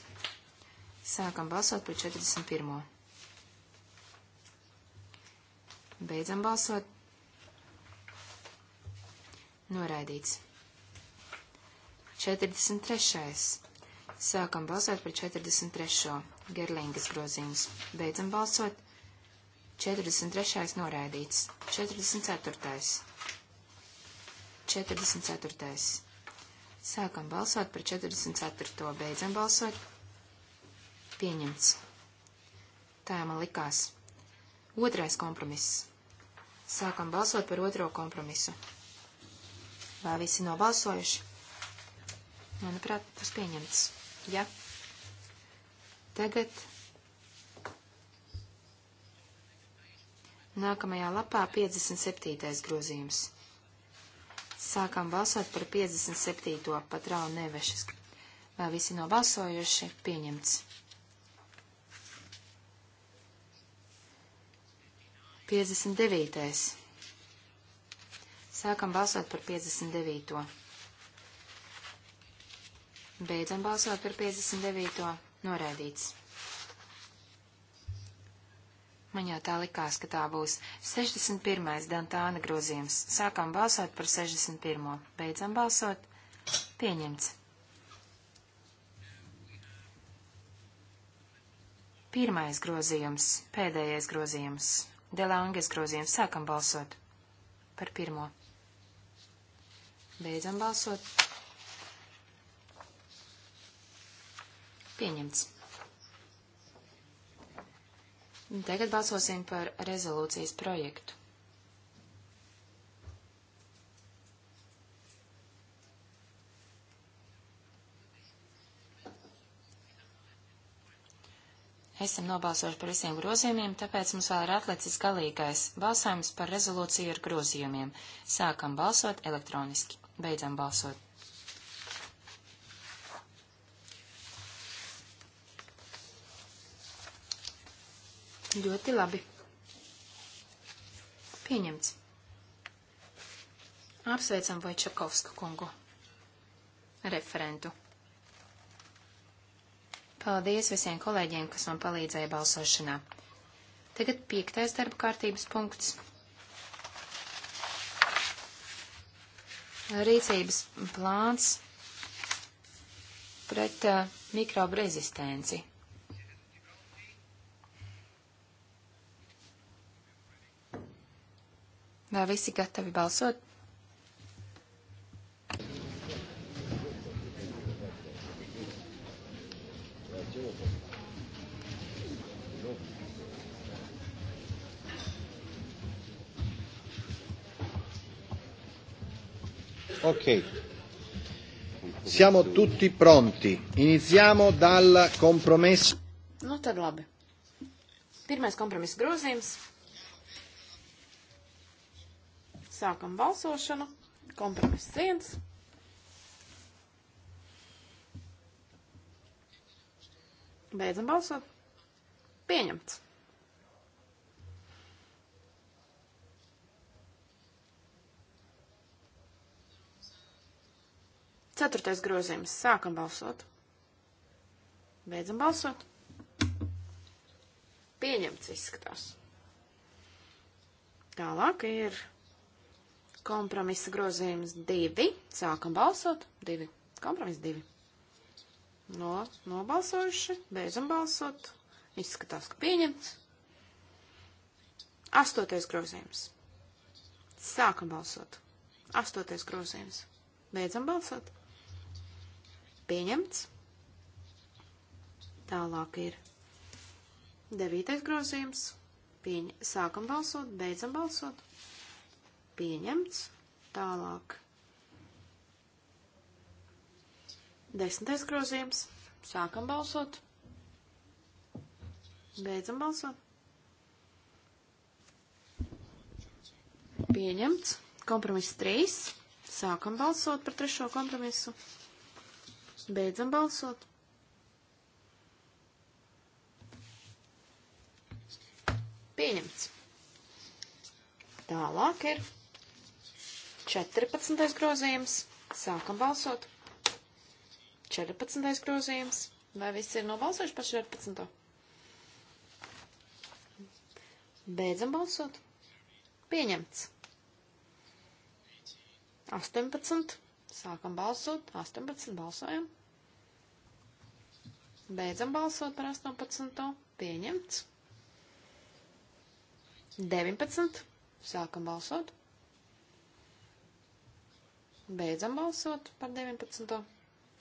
Sākam balsot par 41. Beidzam balsot. Noraidīts. 43. Sākam balsot par 43. Gerlingas groziņus. Beidzam balsot. 43. noraidīts. 44. 44. Sākam balsot par 44. Beidzam balsot. Pieņemts. Tā man likās. Otrais kompromiss. Sākam balsot par otro kompromisu. Vai visi nobalsojuši? Manuprāt, tas pieņemts. Ja. Tagad nākamajā lapā 57. grozījums. Sākam balsot par 57. patrālu nevešas. Vai visi nobalsojuši? Pieņemts. 59. Sākam balsot par 59. Beidzam balsot par 59. Noraidīts. Man jau tā likās, ka tā būs 61. Dantāna grozījums. Sākam balsot par 61. Beidzam balsot. Pieņemts. Pirmais grozījums, pēdējais grozījums, Delanges grozījums, sākam balsot par pirmo. Beidzam balsot. Pieņemts. Tagad balsosim par rezolūcijas projektu. Esam nobalsojuši par visiem grozījumiem, tāpēc mums vēl ir atlicis galīgais balsojums par rezolūciju ar grozījumiem. Sākam balsot elektroniski. Beidzam balsot. Ļoti labi. Pieņemts. Apsveicam Vojčakovsku kungu. Referentu. Paldies visiem kolēģiem, kas man palīdzēja balsošanā. Tagad piektais darba kārtības punkts. rīcības plāns pret uh, mikrobu rezistenci. Vai visi gatavi balsot? Ok. Siamo tutti pronti. Iniziamo dal compromesso. Nu tad labi. Pirmais kompromiss grozījums. Sākam balsošanu. Kompromiss viens. Beidzam balsot. Pieņemts. Ceturtais grozījums. Sākam balsot. Beidzam balsot. Pieņemts izskatās. Tālāk ir kompromisa grozījums divi. Sākam balsot. Divi. Kompromis divi. No, nobalsojuši. Beidzam balsot. Izskatās, ka pieņemts. Astotais grozījums. Sākam balsot. Astotais grozījums. Beidzam balsot. Pieņemts. Tālāk ir devītais grozījums. Pieņ... Sākam balsot, beidzam balsot. Pieņemts. Tālāk. Desmitais grozījums. Sākam balsot. Beidzam balsot. Pieņemts. Kompromiss 3. Sākam balsot par trešo kompromisu. Beidzam balsot. Pieņemts. Tālāk ir 14. grozījums. Sākam balsot. 14. grozījums. Vai viss ir nobalsojuši par 14. Beidzam balsot. Pieņemts. 18. Sākam balsot, 18 balsojam. Beidzam balsot par 18. Pieņemts. 19. Sākam balsot. Beidzam balsot par 19.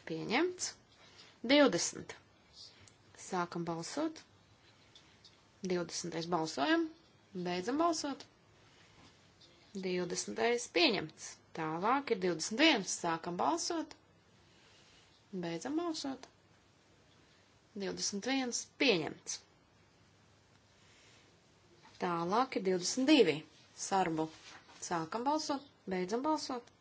Pieņemts. 20. Sākam balsot. 20. balsojam. Beidzam balsot. 20. pieņemts. Tālāk ir 21. Sākam balsot. Beidzam balsot. 21. Pieņemts. Tālāk ir 22. Sarbu. Sākam balsot. Beidzam balsot.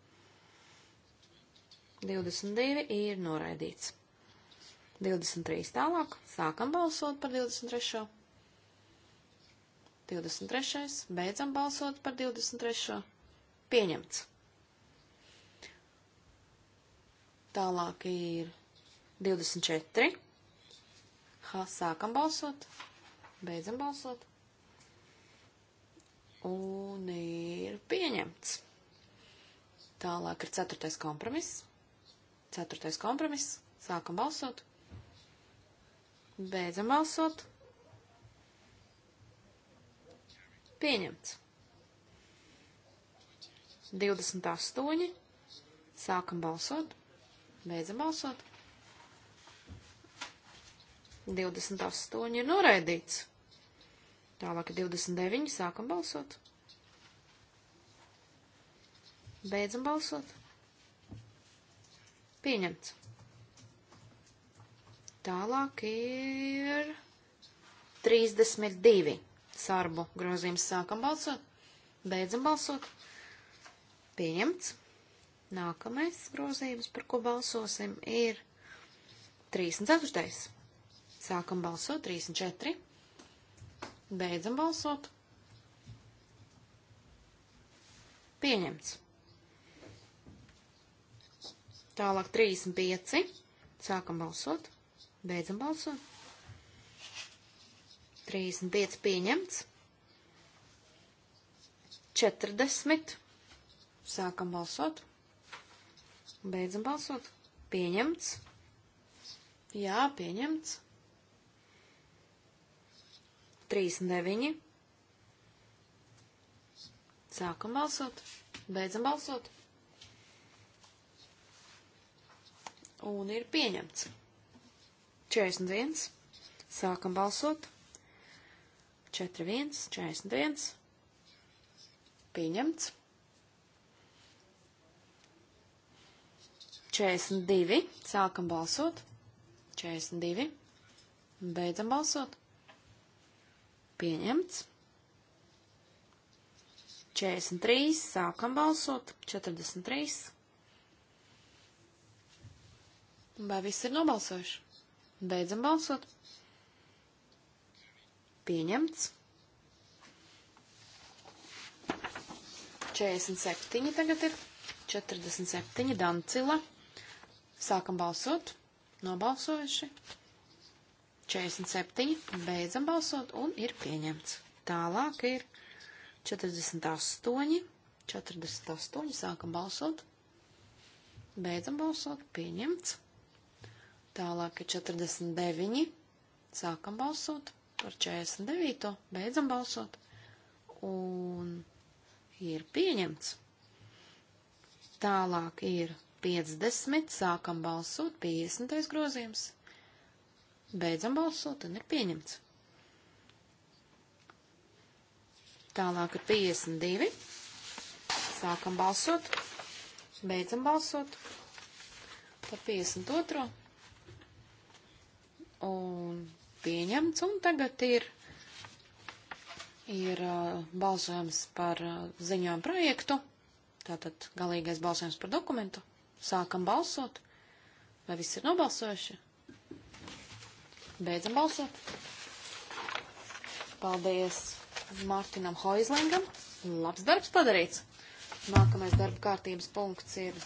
22 ir noraidīts. 23 tālāk. Sākam balsot par 23. 23. Beidzam balsot par 23. Pieņemts. Tālāk ir 24. Ha, sākam balsot, beidzam balsot. Un ir pieņemts. Tālāk ir 4. kompromiss. 4. kompromiss. Sākam balsot. Beidzam balsot. Pieņemts. 28. Sākam balsot. Beidzam balsot. 28 ir noraidīts. Tālāk ir 29. Sākam balsot. Beidzam balsot. Pieņemts. Tālāk ir 32 sarbu grozījums. Sākam balsot. Beidzam balsot. Pieņemts. Nākamais grozījums, par ko balsosim, ir 34. Sākam balsot 34. Beidzam balsot. Pieņemts. Tālāk 35. Sākam balsot. Beidzam balsot. 35 pieņemts. 40. Sākam balsot. Beidzam balsot. Pieņemts. Jā, pieņemts. 39. Sākam balsot. Beidzam balsot. Un ir pieņemts. 41. Sākam balsot. 4, 1, 41. Pieņemts. 42. Sākam balsot. 42. Beidzam balsot. Pieņemts. 43. Sākam balsot. 43. Vai viss ir nobalsojuši? Beidzam balsot. Pieņemts. 47 tagad ir. 47 Dancila. Sākam balsot. Nobalsojuši. 47. Beidzam balsot un ir pieņemts. Tālāk ir 48. 48. Sākam balsot. Beidzam balsot. Pieņemts. Tālāk ir 49. Sākam balsot par 49. Beidzam balsot. Un ir pieņemts. Tālāk ir 50, sākam balsot, 50. grozījums. Beidzam balsot un ir pieņemts. Tālāk ir 52. Sākam balsot, beidzam balsot par 52. Un pieņemts, un tagad ir, ir uh, balsojums par uh, ziņojumu projektu, tātad galīgais balsojums par dokumentu. Sākam balsot. Vai viss ir nobalsojuši? Beidzam balsot. Paldies Mārtiņam Hoizlingam. Labs darbs padarīts. Nākamais darba kārtības punkts ir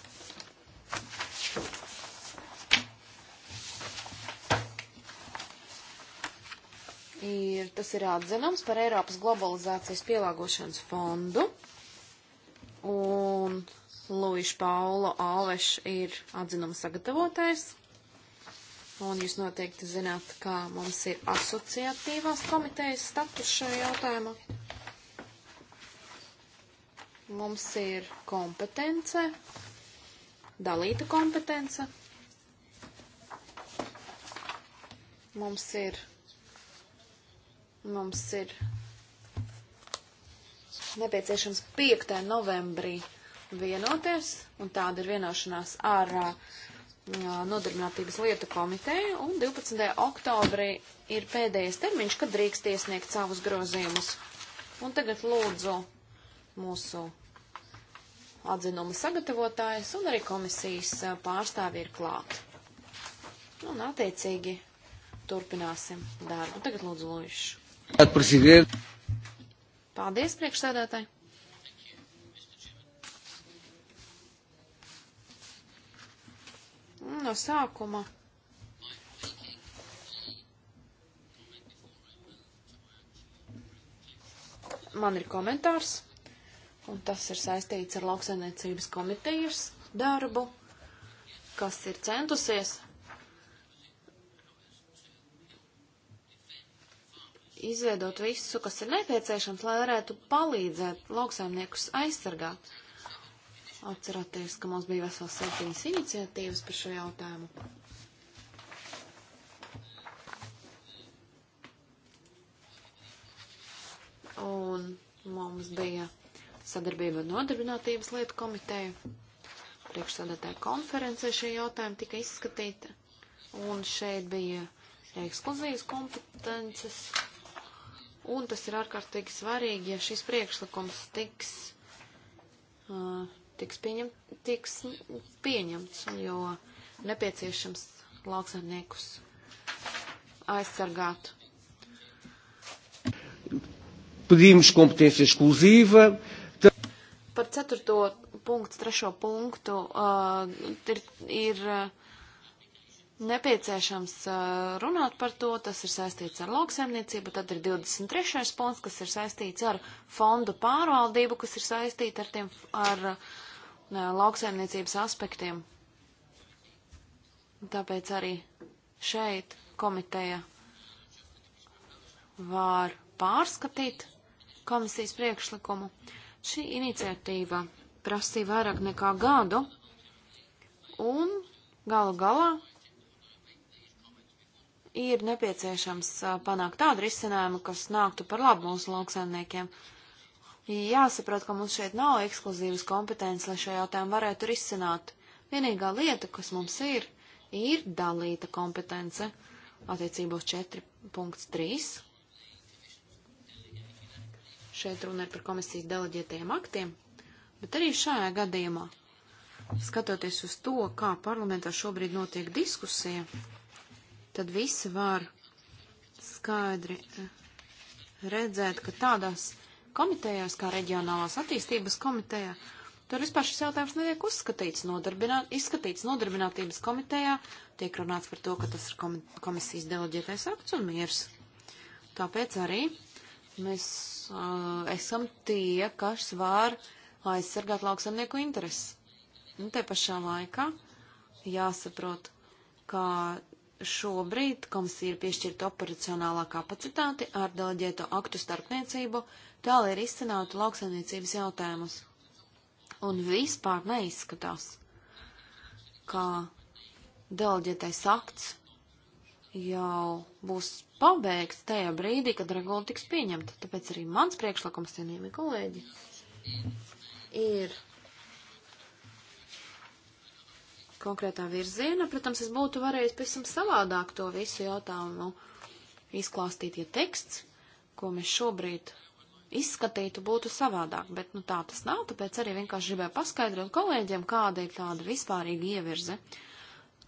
ir, tas ir atzinums par Eiropas globalizācijas pielāgošanas fondu. Un Luīš Paulo Alveš ir atzinuma sagatavotājs. Un jūs noteikti zināt, ka mums ir asociatīvās komitejas status šajā jautājumā. Mums ir kompetence, dalīta kompetence. Mums ir, mums ir nepieciešams 5. novembrī vienoties, un tāda ir vienošanās ar uh, uh Nodarbinātības lietu komiteju, un 12. oktobrī ir pēdējais termiņš, kad drīkst iesniegt savus grozījumus. Un tagad lūdzu mūsu atzinuma sagatavotājs un arī komisijas uh, pārstāvi ir klāt. Un attiecīgi turpināsim darbu. Tagad lūdzu Lūjušu. Paldies, priekšsēdētāji! no sākuma. Man ir komentārs, un tas ir saistīts ar lauksainiecības komitejas darbu, kas ir centusies izveidot visu, kas ir nepieciešams, lai varētu palīdzēt lauksaimniekus aizsargāt. Atceroties, ka mums bija vesels septiņas iniciatīvas par šo jautājumu. Un mums bija sadarbība ar Nodarbinātības lietu komiteju. Priekšsādātāja konferencē šie jautājumi tika izskatīti. Un šeit bija ekskluzīvas kompetences. Un tas ir ārkārtīgi svarīgi, ja šis priekšlikums tiks uh, tiks, pieņem, tiks pieņemts, jo nepieciešams lauksaimniekus aizsargāt. Pedimos kompetência exclusiva. Par ceturto punktu, trešo punktu uh, ir, ir uh, nepieciešams uh, runāt par to, tas ir saistīts ar lauksaimniecību, tad ir 23. punkts, kas ir saistīts ar fondu pārvaldību, kas ir saistīts ar, tiem, ar uh, lauksaimniecības aspektiem. Tāpēc arī šeit komiteja var pārskatīt komisijas priekšlikumu. Šī iniciatīva prasīja vairāk nekā gadu, un galu galā ir nepieciešams panākt tādu risinājumu, kas nāktu par labu mūsu lauksaimniekiem. Uh, Jāsaprot, ka mums šeit nav ekskluzīvas kompetences, lai šo jautājumu varētu risināt. Vienīgā lieta, kas mums ir, ir dalīta kompetence attiecībos 4.3. Šeit runa ir par komisijas deleģētajiem aktiem, bet arī šajā gadījumā, skatoties uz to, kā parlamentā šobrīd notiek diskusija, tad visi var skaidri eh, redzēt, ka tādās komitejās, kā reģionālās attīstības komitejā, tur vispār šis jautājums netiek uzskatīts. Nodarbināt, izskatīts nodarbinātības komitejā tiek runāts par to, ka tas ir komisijas deleģētais akts un miers. Tāpēc arī mēs uh, esam tie, kas var aizsargāt lauksamnieku intereses. Un te pašā laikā jāsaprot, ka šobrīd komisija ir piešķirta operacionālā kapacitāte ar deleģēto aktu starpniecību, tā lai ir izcinātu lauksaimniecības jautājumus. Un vispār neizskatās, ka deleģētais akts jau būs pabeigts tajā brīdī, kad regula tiks pieņemta. Tāpēc arī mans priekšlikums, cienījami kolēģi, ir konkrētā virziena. Protams, es būtu varējis pavisam savādāk to visu jautājumu izklāstīt, ja teksts, ko mēs šobrīd izskatītu, būtu savādāk. Bet nu, tā tas nav, tāpēc arī vienkārši gribēju paskaidrot kolēģiem, kāda ir tāda vispārīga ievirze.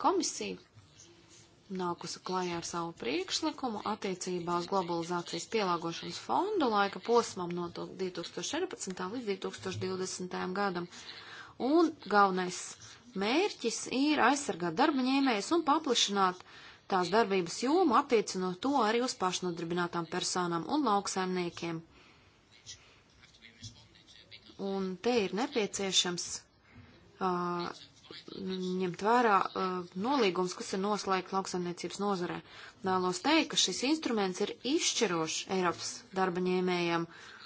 Komisija nākusi klājā ar savu priekšlikumu attiecībā uz globalizācijas pielāgošanas fondu laika posmam no 2014. līdz 2020. gadam. Un galvenais Mērķis ir aizsargāt darba ņēmējus un paplašināt tās darbības jomu, attiecinot to arī uz pašnodarbinātām personām un lauksaimniekiem. Un te ir nepieciešams uh, ņemt vērā uh, nolīgums, kas ir noslēgts lauksaimniecības nozarē. Vēlos teikt, ka šis instruments ir izšķirošs Eiropas darba ņēmējiem. Uh,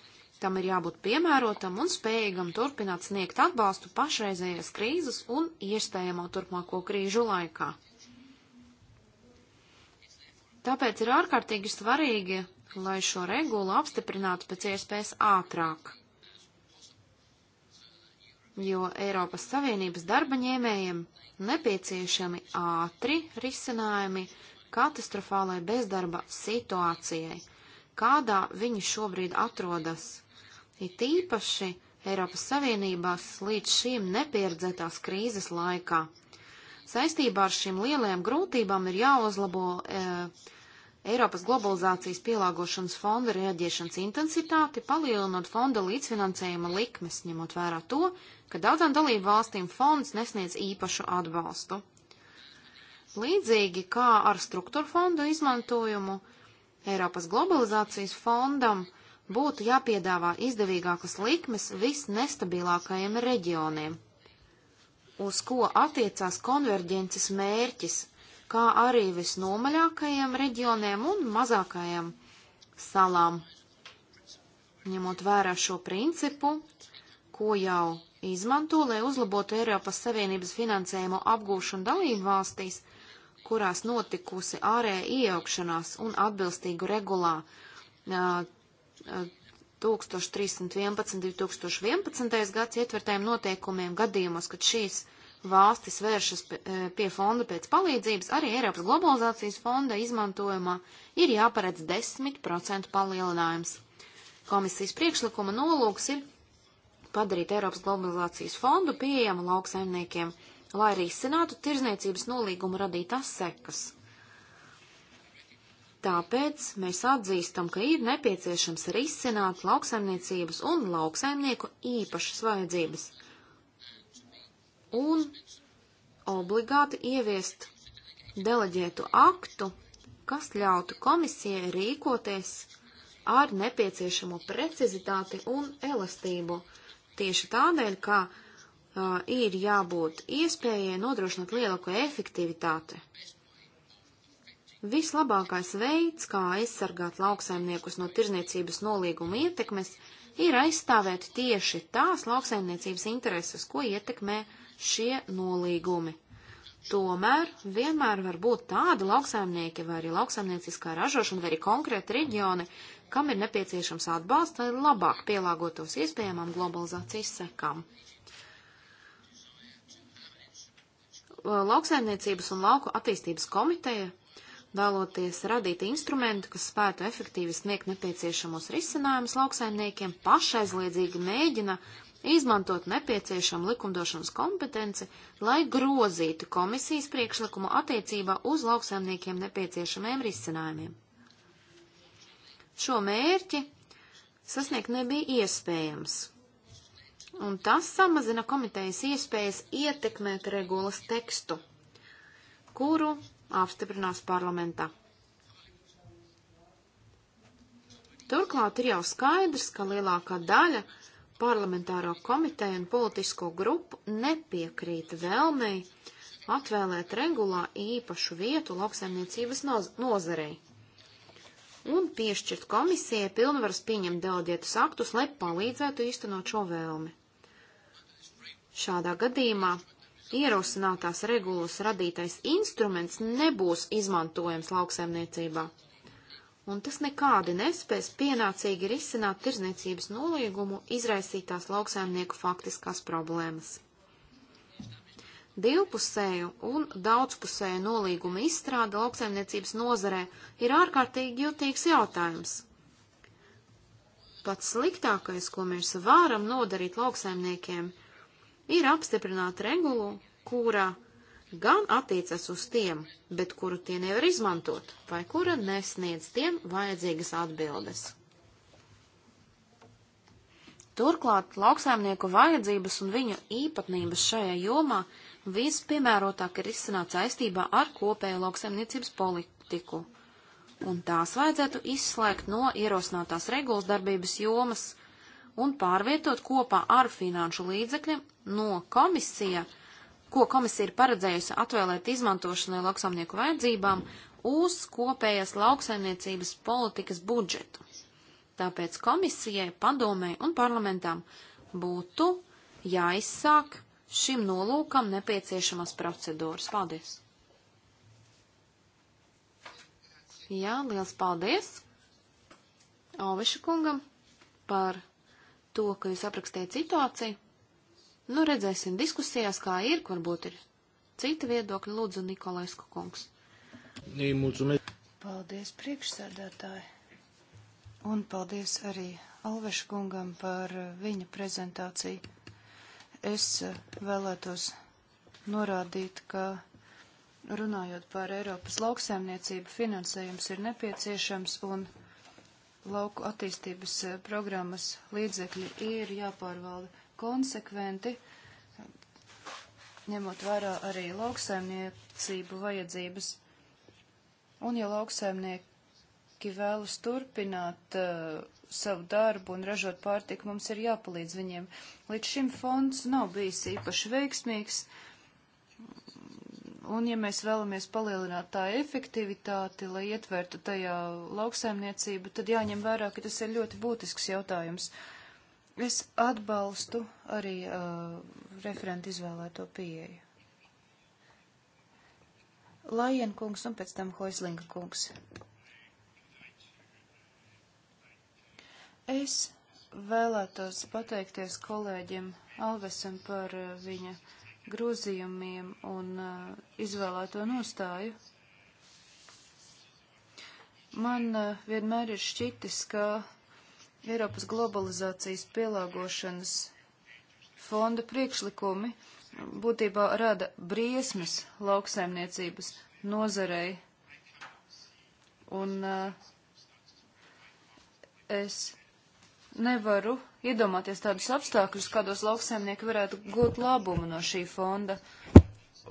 Tam ir jābūt piemērotam un spējīgam turpināt sniegt atbalstu pašreizējās krīzes un iespējamo turpmāko krīžu laikā. Tāpēc ir ārkārtīgi svarīgi, lai šo regulu apstiprinātu pēc iespējas ātrāk, jo Eiropas Savienības darba ņēmējiem nepieciešami ātri risinājumi katastrofālai bezdarba situācijai, kādā viņi šobrīd atrodas It īpaši Eiropas Savienībās līdz šim nepieredzētās krīzes laikā. Saistībā ar šīm lielajām grūtībām ir jāuzlabo e, Eiropas globalizācijas pielāgošanas fonda rēģiešanas intensitāti, palielinot fonda līdzfinansējuma likmes, ņemot vērā to, ka daudzām dalību valstīm fonds nesniedz īpašu atbalstu. Līdzīgi kā ar struktūra fondu izmantojumu, Eiropas globalizācijas fondam būtu jāpiedāvā izdevīgākas likmes visnestabilākajiem reģioniem, uz ko attiecās konverģences mērķis, kā arī visnomaļākajiem reģioniem un mazākajiem salām. Ņemot vērā šo principu, ko jau izmanto, lai uzlabotu Eiropas Savienības finansējumu apgūšanu dalību valstīs, kurās notikusi ārēja iejaukšanās un atbilstīgu regulā 1311. 2011. gads ietvertējiem noteikumiem gadījumos, kad šīs valstis vēršas eh, pie fonda pēc palīdzības, arī Eiropas globalizācijas fonda izmantojumā ir jāparedz 10% palielinājums. Komisijas priekšlikuma nolūks ir padarīt Eiropas globalizācijas fondu pieejamu lauksaimniekiem, lai risinātu tirzniecības nolīgumu radītās sekas. Tāpēc mēs atzīstam, ka ir nepieciešams risināt lauksaimniecības un lauksaimnieku īpašas vajadzības un obligāti ieviest deleģētu aktu, kas ļautu komisijai rīkoties ar nepieciešamo precizitāti un elastību. Tieši tādēļ, ka uh, ir jābūt iespējai nodrošināt lielāko efektivitāti Vislabākais veids, kā aizsargāt lauksaimniekus no tirzniecības nolīguma ietekmes, ir aizstāvēt tieši tās lauksaimniecības intereses, ko ietekmē šie nolīgumi. Tomēr vienmēr var būt tādi lauksaimnieki vai arī lauksaimnieciskā ražošana vai arī konkrēti reģioni, kam ir nepieciešams atbalsts, lai labāk pielāgotos iespējamām globalizācijas sekām. Lauksaimniecības un lauku attīstības komiteja vēloties radīt instrumentu, kas spētu efektīvi sniegt nepieciešamos risinājumus lauksaimniekiem, pašaizliedzīgi mēģina izmantot nepieciešamu likumdošanas kompetenci, lai grozītu komisijas priekšlikumu attiecībā uz lauksaimniekiem nepieciešamiem risinājumiem. Šo mērķi sasniegt nebija iespējams, un tas samazina komitejas iespējas ietekmēt regulas tekstu, kuru apstiprinās parlamentā. Turklāt ir jau skaidrs, ka lielākā daļa parlamentāro komiteju un politisko grupu nepiekrīt vēlmei atvēlēt regulā īpašu vietu lauksaimniecības noz nozarei un piešķirt komisijai pilnvaras pieņemt delģētus aktus, lai palīdzētu īstenot šo vēlmi. Šādā gadījumā ierosinātās regulas radītais instruments nebūs izmantojams lauksaimniecībā, un tas nekādi nespēs pienācīgi risināt tirzniecības nolīgumu izraisītās lauksaimnieku faktiskās problēmas. Divpusēju un daudzpusēju nolīgumu izstrāde lauksaimniecības nozarē ir ārkārtīgi jūtīgs jautājums. Pats sliktākais, ko mēs varam nodarīt lauksaimniekiem, ir apstiprināta regula, kura gan attiecas uz tiem, bet kuru tie nevar izmantot, vai kura nesniedz tiem vajadzīgas atbildes. Turklāt lauksaimnieku vajadzības un viņu īpatnības šajā jomā vispiemērotāk ir izsināt saistībā ar kopēju lauksaimniecības politiku, un tās vajadzētu izslēgt no ierosinātās regulas darbības jomas, un pārvietot kopā ar finanšu līdzekļiem no komisija, ko komisija ir paredzējusi atvēlēt izmantošanai lauksaimnieku vajadzībām, uz kopējas lauksaimniecības politikas budžetu. Tāpēc komisijai, padomēji un parlamentām būtu jāizsāk šim nolūkam nepieciešamas procedūras. Paldies! Jā, liels paldies Alveša kungam par to, ka jūs aprakstījāt situāciju. Nu, redzēsim diskusijās, kā ir, varbūt ir cita viedokļa. Lūdzu, Nikolaisku kungs. Paldies priekšsēdētāji. Un paldies arī Alveša kungam par viņa prezentāciju. Es eh, vēlētos norādīt, ka runājot par Eiropas lauksēmniecību, finansējums ir nepieciešams un lauku attīstības eh, programmas līdzekļi ir jāpārvalda konsekventi, ņemot vērā arī lauksaimniecību vajadzības. Un ja lauksaimnieki vēlas turpināt uh, savu darbu un ražot pārtiku, mums ir jāpalīdz viņiem. Līdz šim fonds nav bijis īpaši veiksmīgs. Uh, Un ja mēs vēlamies palielināt tā efektivitāti, lai ietvertu tajā lauksaimniecību, tad jāņem vērā, ka tas ir ļoti būtisks jautājums. Es atbalstu arī uh, referentu izvēlēto pieeju. Lajien kungs un pēc tam Hoislinga kungs. Es vēlētos pateikties kolēģim Alvesam par uh, viņa uh, grozījumiem un uh, izvēlēto nostāju. Man uh, vienmēr ir šķitis, ka Eiropas globalizācijas pielāgošanas fonda priekšlikumi būtībā rada briesmas lauksaimniecības nozarei. Un uh, es nevaru iedomāties tādus apstākļus, kādos lauksaimnieki varētu gūt labumu no šī fonda.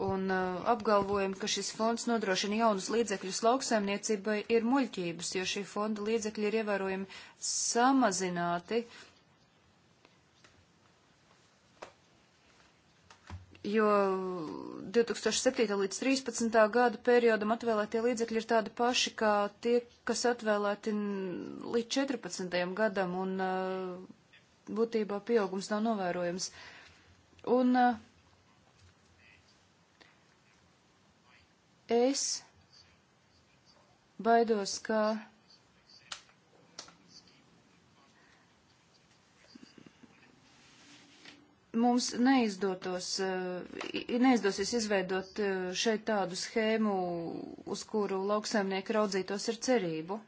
Un uh, apgalvojumi, ka šis fonds nodrošina jaunus līdzekļus lauksaimniecībai, ir muļķības, jo šī fonda līdzekļi ir ievērojami samazināti uh, jo 2007. līdz 13. gada periodam atvēlētie līdzekļi ir tādi paši, kā tie, kas atvēlēti līdz 14. gadam, un uh, būtībā pieaugums nav novērojams. Un uh, es baidos, ka mums neizdotos, eh, neizdosies izveidot eh, šeit tādu schēmu, uz kuru lauksaimnieki raudzītos ar cerību.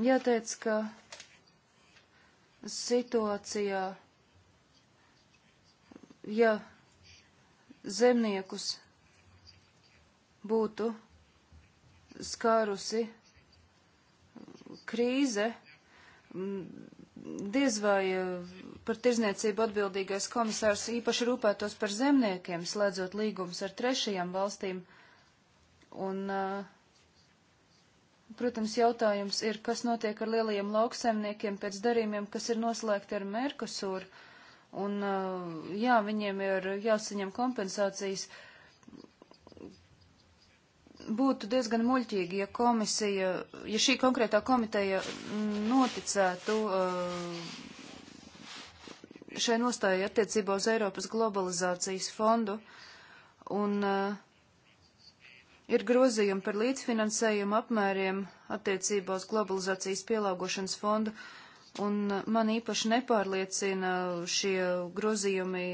Jāteic, ka situācijā, ja zemniekus būtu skārusi krīze diez vai eh, par tirzniecību atbildīgais komisārs īpaši rūpētos par zemniekiem, slēdzot līgumus ar trešajām valstīm. Un, eh, protams, jautājums ir, kas notiek ar lielajiem lauksaimniekiem pēc darījumiem, kas ir noslēgti ar Merkusūru. Un, eh, jā, viņiem ir jāsaņem kompensācijas. Uh, būtu diezgan muļķīgi, ja komisija, ja šī konkrētā komiteja noticētu uh, šai nostāja attiecībā uz Eiropas globalizācijas fondu un uh, ir grozījumi par līdzfinansējumu apmēriem attiecībā uz globalizācijas pielāgošanas fondu. Un uh, man īpaši nepārliecina šie grozījumi,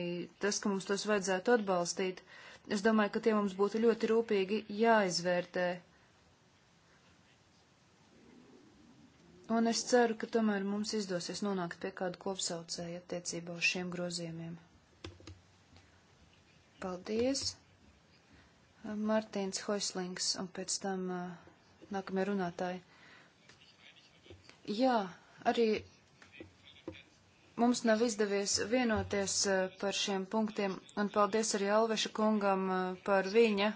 tas, ka mums tos vajadzētu atbalstīt. Uh, Es domāju, ka tie mums būtu ļoti rūpīgi jāizvērtē. Un es ceru, ka tomēr mums izdosies nonākt pie kāda kopsaucēja attiecībā uz šiem grozījumiem. Paldies! Martīns Hoislings un pēc tam uh, nākamie runātāji. Jā, arī mums nav izdevies vienoties eh, par šiem punktiem, un paldies arī Alveša kungam eh, par viņa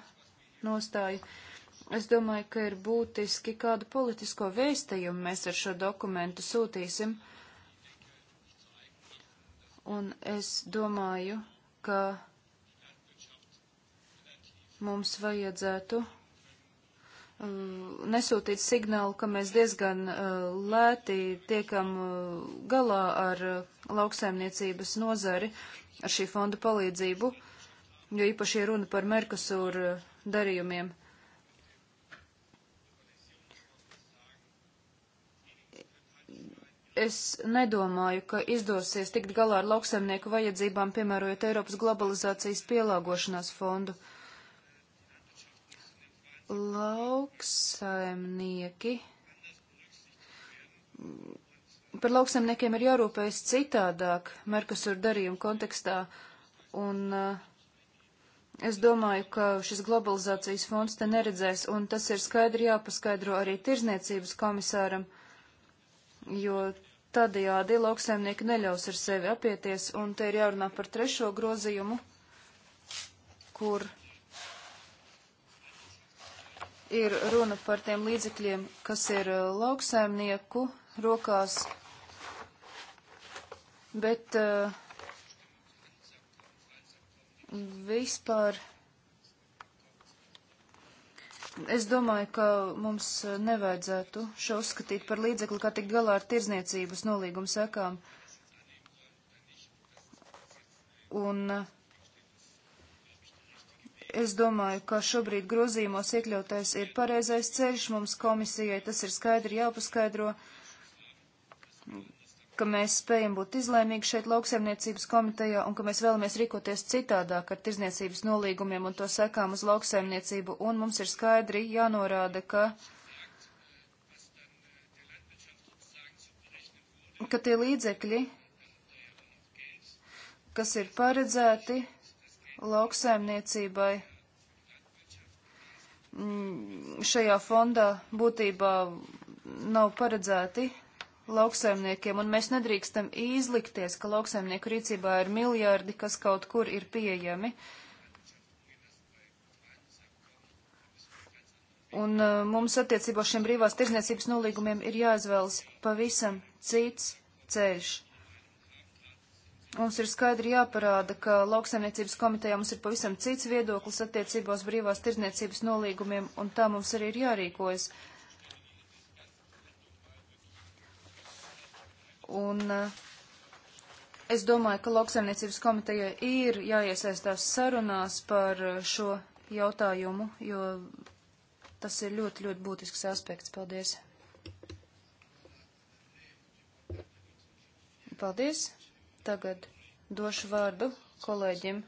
nostāju. Es domāju, ka ir būtiski, kādu politisko vēstījumu mēs ar šo dokumentu sūtīsim. Un es domāju, ka mums vajadzētu nesūtīt signālu, ka mēs diezgan lēti tiekam galā ar lauksaimniecības nozari ar šī fonda palīdzību, jo īpaši ir runa par Merkusūru darījumiem. es nedomāju, ka izdosies tikt galā ar lauksaimnieku vajadzībām, piemērojot Eiropas globalizācijas pielāgošanās fondu. Lauksaimnieki. Par lauksaimniekiem ir jārūpējas citādāk Merkusur darījuma kontekstā, un uh, Es domāju, ka šis globalizācijas fonds te neredzēs, un tas ir skaidri jāpaskaidro arī tirzniecības komisāram, jo tādajādi lauksaimnieki neļaus ar sevi apieties, un te ir jārunā par trešo grozījumu, kur ir runa par tiem līdzekļiem, kas ir eh, lauksaimnieku rokās, bet uh, vispār es domāju, ka mums eh, nevajadzētu šo uzskatīt par līdzekli, kā tik galā ar tirzniecības nolīgumu sekām. Un uh, Es domāju, ka šobrīd grozījumos iekļautais ir pareizais ceļš mums komisijai, tas ir skaidri jāpaskaidro, ka mēs spējam būt izlēmīgi šeit lauksaimniecības komitejā un ka mēs vēlamies rīkoties citādāk ar tirzniecības nolīgumiem un to sekām uz lauksaimniecību, un mums ir skaidri jānorāda, ka. ka tie līdzekļi, kas ir paredzēti, lauksaimniecībai mm, šajā fondā būtībā nav paredzēti lauksaimniekiem, un mēs nedrīkstam izlikties, ka lauksaimnieku rīcībā ir miljārdi, kas kaut kur ir pieejami. Un uh, mums attiecībā šiem brīvās tirzniecības nolīgumiem ir jāizvēlas pavisam cits ceļš. Mums ir skaidri jāparāda, ka lauksaimniecības komitejā mums ir pavisam cits viedoklis attiecībā uz brīvās tirdzniecības nolīgumiem, un tā mums arī ir jārīkojas. Un eh, es domāju, ka lauksaimniecības komitejai ir jāiesaistās sarunās par eh, šo jautājumu, jo tas ir ļoti, ļoti būtisks aspekts. Paldies! Paldies! Tagad došu vārdu kolēģim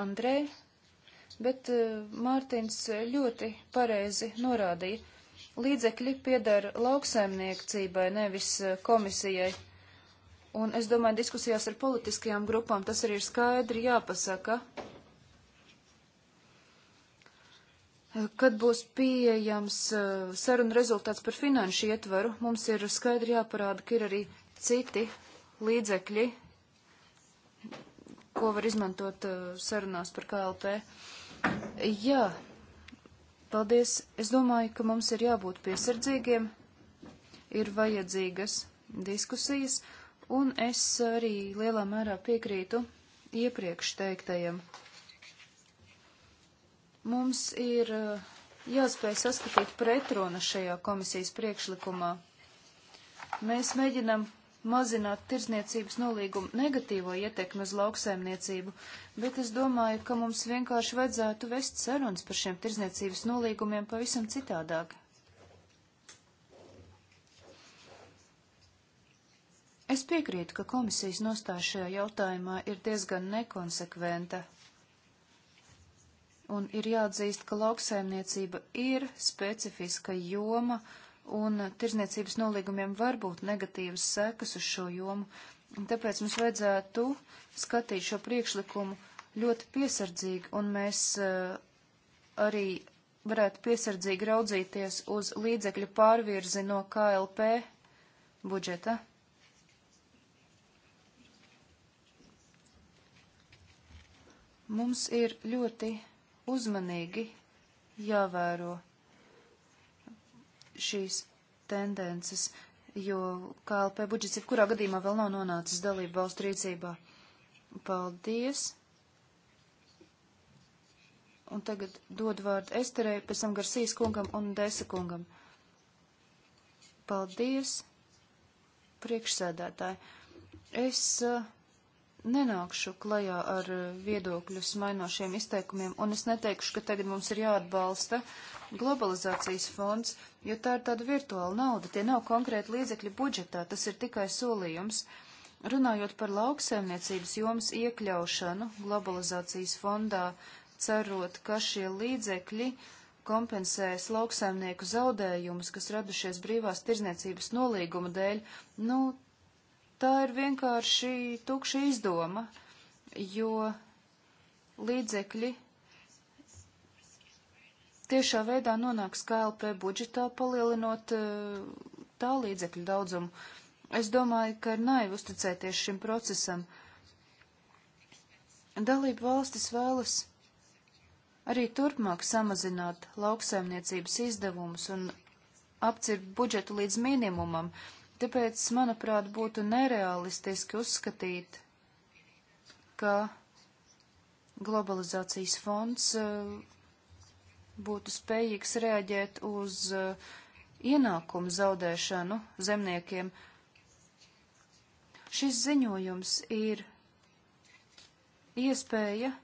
Andrei, bet e, Mārtiņš ļoti pareizi norādīja. Līdzekļi piedara lauksaimniekcībai, nevis e, komisijai. Un es domāju, diskusijās ar politiskajām grupām tas arī ir skaidri jāpasaka. Kad būs pieejams e, saruna rezultāts par finanšu ietvaru, mums ir skaidri jāparāda, ka ir arī citi līdzekļi, ko var izmantot uh, sarunās par KLP. Jā, paldies. Es domāju, ka mums ir jābūt piesardzīgiem, ir vajadzīgas diskusijas, un es arī lielā mērā piekrītu iepriekš teiktajam. Mums ir uh, jāspēj saskatīt pretruna šajā komisijas priekšlikumā. Mēs mēģinam mazināt tirzniecības nolīgumu negatīvo ietekmi uz lauksaimniecību, bet es domāju, ka mums vienkārši vajadzētu vest sarunas par šiem tirzniecības nolīgumiem pavisam citādāk. Es piekrītu, ka komisijas nostāja šajā jautājumā ir diezgan nekonsekventa. Un ir jāatzīst, ka lauksaimniecība ir specifiska joma, uh, un tirzniecības nolīgumiem var būt negatīvas sekas uz šo jomu. Tāpēc mums vajadzētu skatīt šo priekšlikumu ļoti piesardzīgi, un mēs uh, arī varētu piesardzīgi raudzīties uz līdzekļu pārvirzi no KLP budžeta. Mums ir ļoti uzmanīgi jāvēro šīs tendences, jo KLP budžets jebkurā gadījumā vēl nav nonācis dalību valstu rīcībā. Paldies! Un tagad dod vārdu Esterei, pēc tam Garsīs kungam un Desa kungam. Paldies, priekšsēdētāji! Es uh, nenākšu klajā ar eh, viedokļus mainošiem izteikumiem, un es neteikšu, ka tagad mums ir jāatbalsta globalizācijas fonds, jo tā ir tāda virtuāla nauda, tie nav konkrēti līdzekļi budžetā, tas ir tikai solījums. Runājot par lauksaimniecības jomas iekļaušanu globalizācijas fondā, cerot, ka šie līdzekļi kompensēs lauksaimnieku zaudējumus, kas radušies brīvās tirzniecības nolīguma dēļ, nu, tā ir vienkārši tukša izdoma, jo līdzekļi tiešā veidā nonāks KLP budžetā, palielinot eh, tā līdzekļu daudzumu. Es domāju, ka ir naivi uzticēties šim procesam. Dalība valstis vēlas arī turpmāk samazināt lauksaimniecības izdevumus un apcirkt budžetu līdz minimumam, Tāpēc, manuprāt, būtu nerealistiski uzskatīt, ka globalizācijas fonds eh, būtu spējīgs reaģēt uz eh, ienākumu zaudēšanu zemniekiem. Šis ziņojums ir iespēja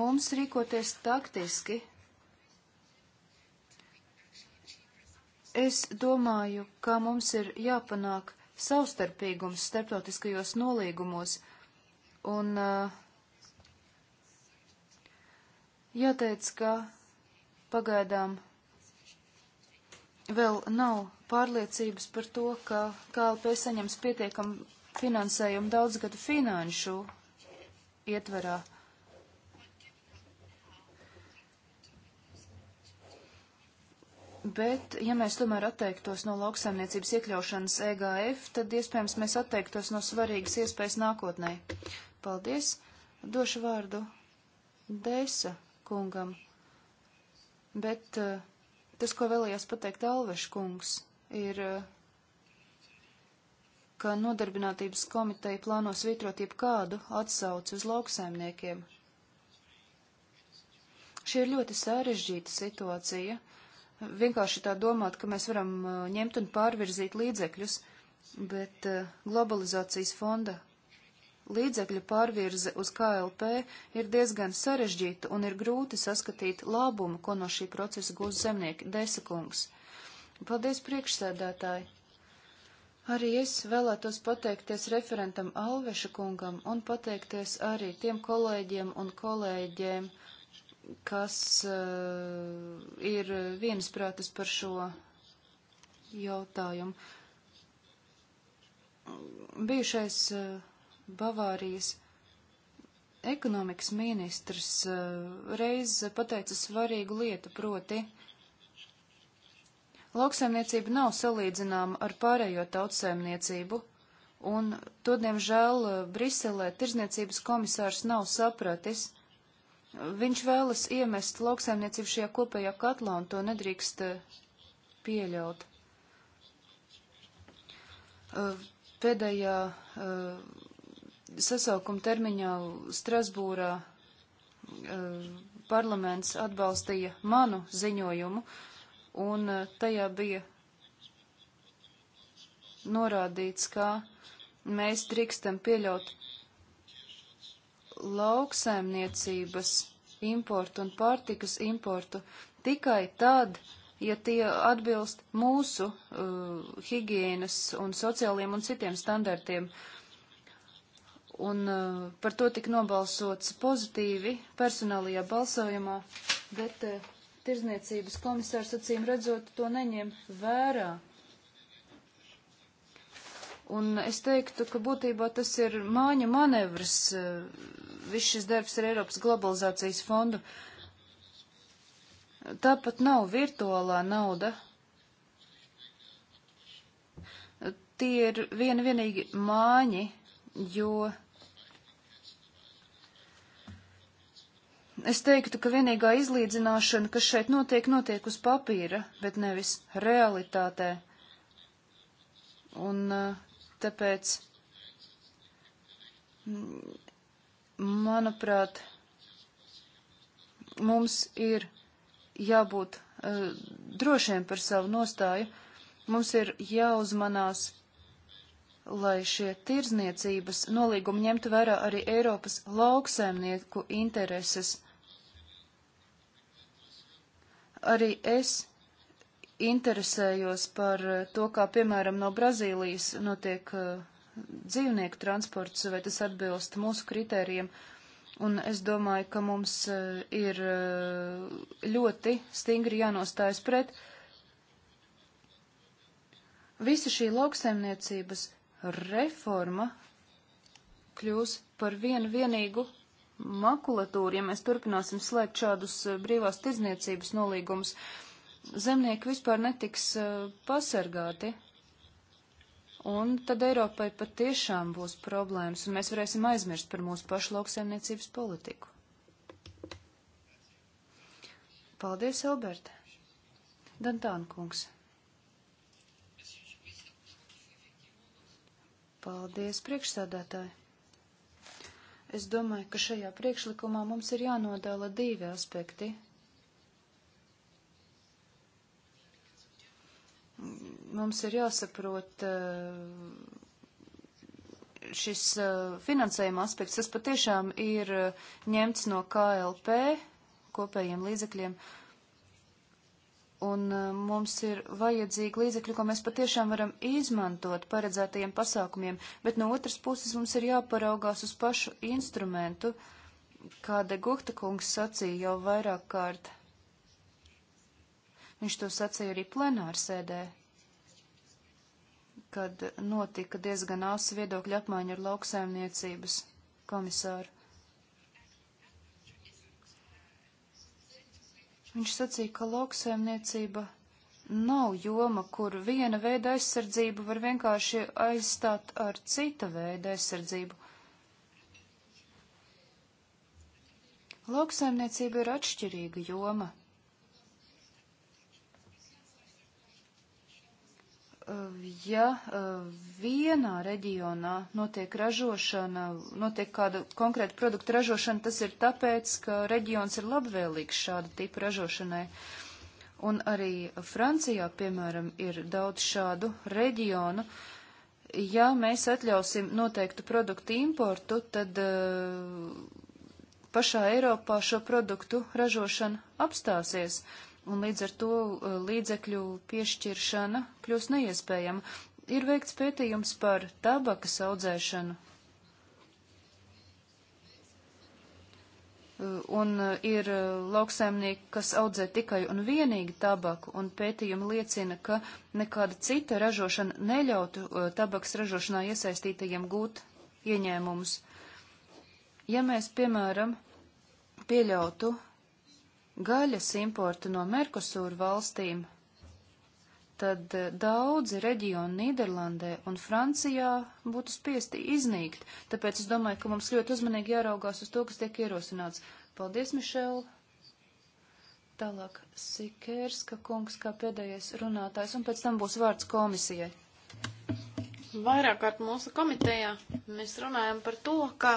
mums rīkoties taktiski Es domāju, ka mums ir jāpanāk savstarpīgums starptautiskajos nolīgumos, un jāteic, ka pagaidām vēl nav pārliecības par to, ka KLP saņems pietiekam finansējumu daudzgadu finanšu ietverā. Bet, ja mēs tomēr atteiktos no lauksaimniecības iekļaušanas EGF, tad iespējams mēs atteiktos no svarīgas iespējas nākotnē. Paldies! Došu vārdu Dēsa kungam. Bet eh, tas, ko vēlējās pateikt Alveš kungs, ir, eh, ka nodarbinātības komiteja plāno svītrot jebkādu atsauci uz lauksaimniekiem. Šī ir ļoti sarežģīta situācija vienkārši tā domāt, ka mēs varam uh, ņemt un pārvirzīt līdzekļus, bet uh, globalizācijas fonda līdzekļu pārvirze uz KLP ir diezgan sarežģīta un ir grūti saskatīt labumu, ko no šī procesa gūs zemnieki desakungs. Paldies priekšsēdētāji! Arī es vēlētos pateikties referentam Alveša kungam un pateikties arī tiem kolēģiem un kolēģiem, uh, kas uh, ir viensprātas par šo jautājumu. Bijušais uh, Bavārijas ekonomikas ministrs uh, reiz pateica svarīgu lietu, proti, lauksaimniecība nav salīdzināma ar pārējo tautsaimniecību, un to, diemžēl, Briselē tirzniecības komisārs nav sapratis. Viņš vēlas iemest lauksaimniecību šajā kopējā katlā, un to nedrīkst eh, pieļaut. Eh, pēdējā eh, sasaukuma termiņā Strasbūrā parlaments atbalstīja manu ziņojumu, un tajā bija norādīts, ka mēs drīkstam pieļaut lauksaimniecības importu un pārtikas importu tikai tad, ja tie atbilst mūsu uh, higienas un sociāliem un citiem standartiem. Un uh, par to tika nobalsots pozitīvi personālajā balsojumā, bet uh, tirzniecības komisārs acīm redzot to neņem vērā. Un es teiktu, ka būtībā tas ir māņa manevrs, eh, viss šis darbs ar Eiropas globalizācijas fondu. Tāpat nav virtuālā nauda. Tie ir viena vienīgi māņi, jo Es teiktu, ka vienīgā izlīdzināšana, kas šeit notiek, notiek uz papīra, bet nevis realitātē. Un uh, Tāpēc, manuprāt, mums ir jābūt uh, drošiem par savu nostāju. Mums ir jāuzmanās, lai šie tirzniecības nolīgumi ņemtu vērā arī Eiropas lauksēmnieku intereses. Arī es interesējos par eh, to, kā piemēram no Brazīlijas notiek eh, dzīvnieku transports, vai tas atbilst mūsu kritērijiem. Un es domāju, ka mums eh, ir ļoti stingri jānostājas pret. Visa šī lauksaimniecības reforma kļūs par vienu vienīgu makulatūru, ja mēs turpināsim slēgt šādus brīvās tirdzniecības nolīgumus. Uh, zemnieki vispār netiks uh, pasargāti. Un tad Eiropai patiešām būs problēmas, un mēs varēsim aizmirst par mūsu pašu lauksaimniecības politiku. Paldies, Alberta. Dantāna kungs. Paldies, priekšsādātāji. Es domāju, ka šajā priekšlikumā mums ir jānodala divi aspekti Mums ir jāsaprot eh, šis eh, finansējuma aspekts. Tas patiešām ir eh, ņemts no KLP kopējiem līdzekļiem. Un mums ir vajadzīgi līdzekļi, ko mēs patiešām varam izmantot paredzētajiem pasākumiem, bet no otras puses mums ir jāparaugās uz pašu instrumentu, kāda Guhta kungs sacīja jau vairāk kārt. Viņš to sacīja arī plenārsēdē. Ar kad notika diezgan asa viedokļa apmaiņa ar lauksaimniecības komisāru. Viņš sacīja, ka lauksaimniecība nav joma, kur viena veida aizsardzību var vienkārši aizstāt ar cita veida aizsardzību. Lauksaimniecība ir atšķirīga joma. ja e, vienā reģionā notiek ražošana, notiek kāda konkrēta produkta ražošana, tas ir tāpēc, ka reģions ir labvēlīgs šāda tipa ražošanai. Un arī Francijā, piemēram, ir daudz šādu reģionu. Ja mēs atļausim noteiktu produktu importu, tad e, pašā Eiropā šo produktu ražošana apstāsies. Uh, un līdz ar to uh, līdzekļu piešķiršana kļūst neiespējama. Ir veikts pētījums par tabakas audzēšanu, uh, un uh, ir lauksaimnieki, kas audzē tikai un vienīgi tabaku, un pētījumi liecina, ka nekāda cita ražošana neļautu tabaks ražošanā iesaistītajiem gūt ieņēmumus. Ja mēs, piemēram, pieļautu gaļas importu no Merkosūra valstīm, tad eh, daudzi reģioni Nīderlandē un Francijā būtu spiesti iznīkt. Tāpēc es domāju, ka mums ļoti uzmanīgi jāraugās uz to, kas tiek ierosināts. Paldies, Mišela! Tālāk Sikērska kungs kā pēdējais runātājs, un pēc tam būs vārds komisijai. Vairāk kārt mūsu komitejā mēs runājam par to, ka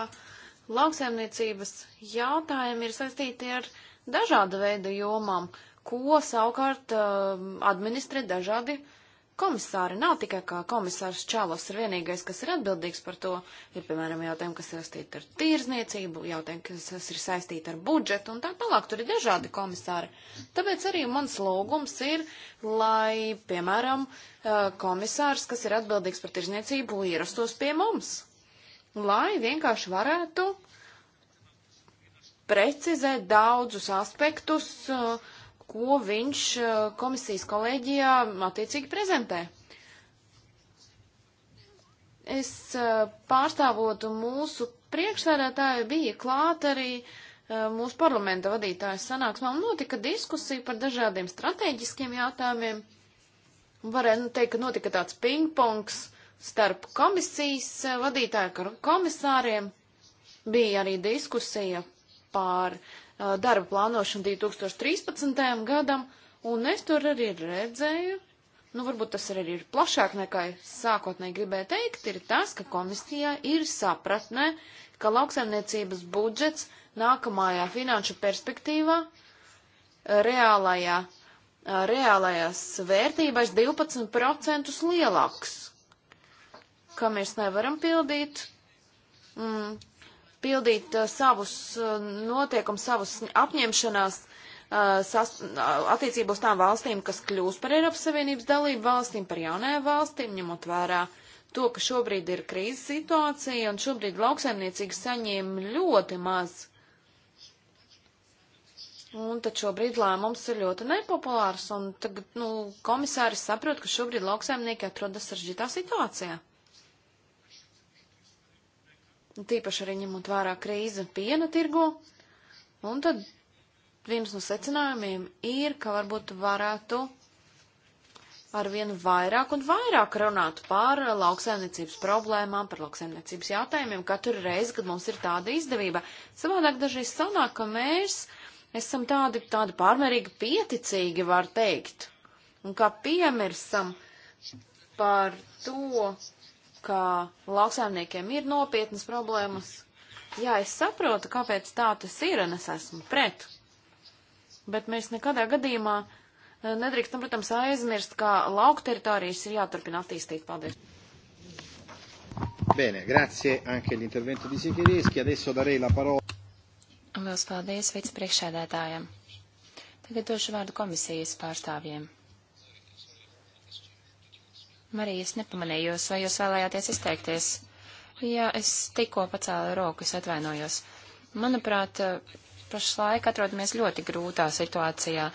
lauksaimniecības jautājumi ir saistīti ar dažāda veida jomām, ko savukārt um, administrē dažādi komisāri. Nav tikai kā komisārs Čalos ir vienīgais, kas ir atbildīgs par to. Ir, piemēram, jautājumi, kas saistīti ar tīrzniecību, jautājumi, kas ir saistīti ar budžetu un tā tālāk. Tur ir dažādi komisāri. Tāpēc arī mans lūgums ir, lai, piemēram, uh, komisārs, kas ir atbildīgs par tīrzniecību, ierastos pie mums. Lai vienkārši varētu uh, precizē daudzus aspektus, uh, ko viņš uh, komisijas kolēģijā attiecīgi prezentē. Es uh, pārstāvotu mūsu priekšsēdētāju, bija klāt arī mūsu parlamenta vadītājas sanāksmā un notika diskusija par dažādiem strateģiskiem jautājumiem. Varētu teikt, ka notika tāds pingpongs starp komisijas vadītāju komisāriem. Bija arī diskusija par uh, darba plānošanu 2013. gadam, un es tur arī redzēju, nu varbūt tas arī ir plašāk nekā sākotnēji gribēju teikt, ir tas, ka komisijā ir sapratnē, ka lauksaimniecības budžets nākamajā finanšu perspektīvā reālajā, reālajās vērtībās 12% lielāks, ka mēs nevaram pildīt mm, pildīt uh, savus uh, notiekums, savus apņemšanās uh, sas, uh, attiecībā uz tām valstīm, kas kļūs par Eiropas Savienības dalību valstīm, par jaunajām valstīm, ņemot vērā to, ka šobrīd ir krīzes situācija un šobrīd lauksaimniecīgi saņem ļoti maz. Un tad šobrīd lēmums ir ļoti nepopulārs, un tagad, nu, komisāris saprot, ka šobrīd lauksaimnieki atrodas saržģītā situācijā. Nu, tīpaši arī ņemot vērā krīzi piena tirgu. Un tad viens no secinājumiem ir, ka varbūt varētu arvien vairāk un vairāk runāt par lauksaimniecības problēmām, par lauksaimniecības jautājumiem katru reizi, kad mums ir tāda izdevība. Savādāk dažreiz sanāk, ka mēs esam tādi, tādi pārmērīgi pieticīgi, var teikt. Un kā piemirsam par to, ka lauksaimniekiem ir nopietnas problēmas. Jā, es saprotu, kāpēc tā tas ir, un es esmu pret. Bet mēs nekadā gadījumā eh, nedrīkstam, protams, aizmirst, ka lauka teritorijas ir jāturpina attīstīt. Paldies! Bene, grazie anche all'intervento di Sichereschi. Adesso darei la parola. Lielas paldies vicepriekšēdētājiem. Tagad došu vārdu komisijas pārstāvjiem. Marija, es nepamanīju jūs, vai jūs vēlējāties izteikties? Jā, es tikko pacēlu roku, es atvainojos. Manuprāt, pašlaik atrodamies ļoti grūtā situācijā.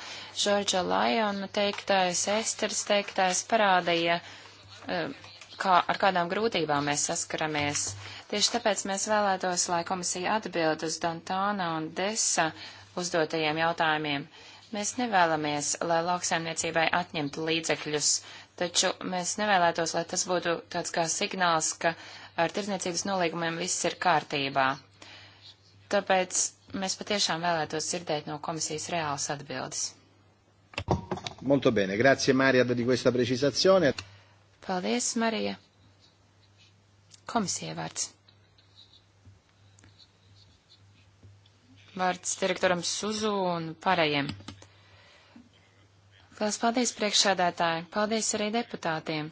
Žorža Lajona teiktais, Esters teiktais parādīja, eh, kā, ar kādām grūtībām mēs saskaramies. Tieši tāpēc mēs vēlētos, lai komisija atbild uz Dantāna un Desa uzdotajiem jautājumiem. Mēs nevēlamies, lai lauksaimniecībai atņemtu līdzekļus taču mēs nevēlētos, lai tas būtu tāds kā signāls, ka ar tirdzniecības nolīgumiem viss ir kārtībā. Tāpēc mēs patiešām vēlētos dzirdēt no komisijas reāls atbildes. Molto bene, grazie Marija di questa precisazione. Paldies, Marija. Komisija vārds. Vārds direktoram Suzu un pārējiem. Lielas paldies priekšsēdētāji, paldies arī deputātiem.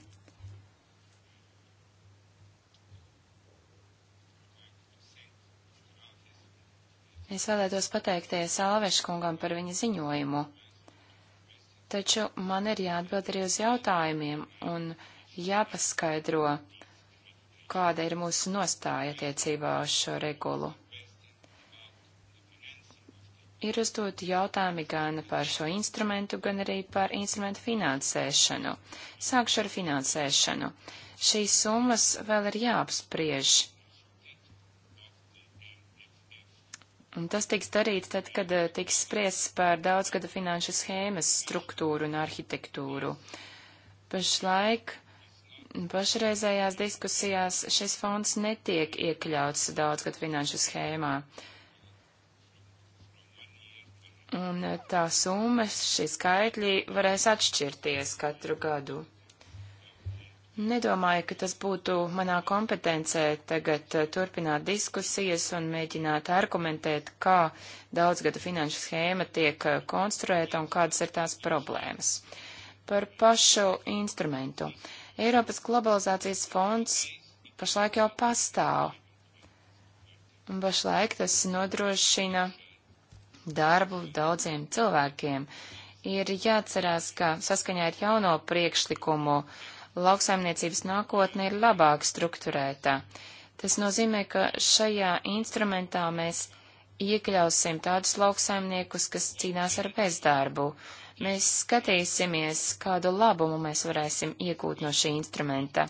Es vēlētos pateikties Alveškungam par viņa ziņojumu. Taču man ir jāatbild arī uz jautājumiem un jāpaskaidro, kāda ir mūsu nostāja attiecībā uz šo regulu ir uzdot jautājumi gan par šo instrumentu, gan arī par instrumentu finansēšanu. Sākšu ar finansēšanu. Šīs summas vēl ir jāapspriež. Un tas tiks darīts tad, kad eh, tiks spriests par daudzgada finanšu schēmas struktūru un arhitektūru. Pašlaik pašreizējās diskusijās šis fonds netiek iekļauts daudzgada finanšu schēmā. Uh, Un eh, tā summas, šie skaitļi varēs atšķirties katru gadu. Nedomāju, ka tas būtu manā kompetencē tagad eh, turpināt diskusijas un mēģināt argumentēt, kā daudzgada finanšu schēma tiek eh, konstruēta un kādas ir tās problēmas. Par pašu instrumentu. Eiropas globalizācijas fonds pašlaik jau pastāv. Un pašlaik tas nodrošina darbu daudziem cilvēkiem. Ir jāatcerās, ka saskaņā ar jauno priekšlikumu lauksaimniecības nākotne ir labāk strukturēta. Tas nozīmē, ka šajā instrumentā mēs iekļausim tādus lauksaimniekus, kas cīnās ar bezdarbu. Mēs skatīsimies, kādu labumu mēs varēsim iegūt no šī instrumenta.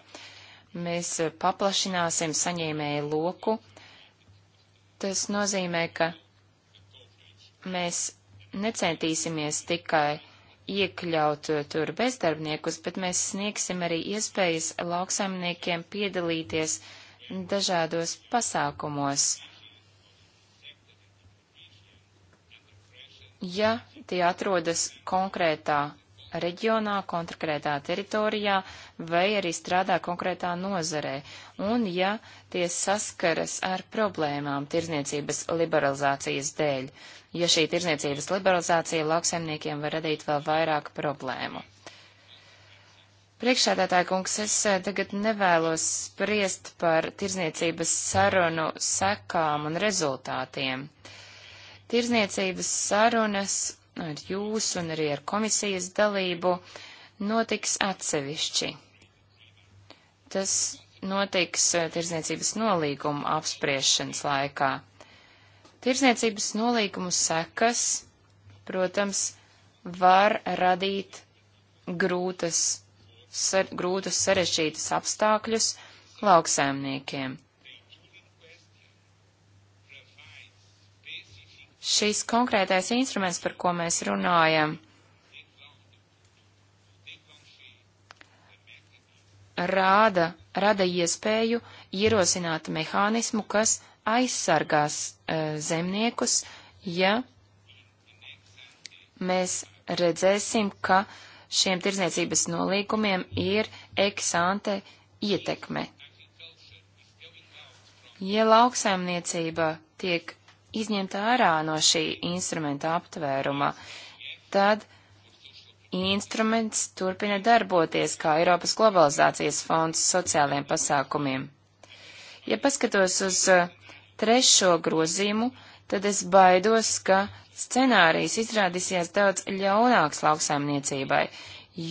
Mēs paplašināsim saņēmēju loku. Tas nozīmē, ka mēs necentīsimies tikai iekļaut eh, tur bezdarbniekus, bet mēs sniegsim arī iespējas lauksaimniekiem piedalīties dažādos pasākumos. Ja tie atrodas konkrētā reģionā, konkrētā teritorijā vai arī strādā konkrētā nozarē, un ja tie saskaras ar problēmām tirzniecības liberalizācijas dēļ, ja šī tirzniecības liberalizācija lauksaimniekiem var radīt vēl vairāk problēmu. Priekšsēdētāja kungs, es eh, tagad nevēlos spriest par tirzniecības sarunu sekām un rezultātiem. Tirzniecības sarunas Nu, ar jūs un arī ar komisijas dalību notiks atsevišķi. Tas notiks eh, tirzniecības nolīgumu apspriešanas laikā. Tirzniecības nolīgumu sekas, protams, var radīt grūtas, sar, grūtus sarežģītus apstākļus lauksēmniekiem. šis konkrētais instruments, par ko mēs runājam, rāda, rada iespēju ierosināt mehānismu, kas aizsargās uh, zemniekus, ja mēs redzēsim, ka šiem tirzniecības nolīgumiem ir eksante ietekme. Ja lauksaimniecība tiek izņemta ārā no šī instrumenta aptvēruma, tad instruments turpina darboties kā Eiropas globalizācijas fonds sociālajiem pasākumiem. Ja paskatos uz uh, trešo grozīmu, tad es baidos, ka scenārijs izrādīsies daudz ļaunāks lauksaimniecībai,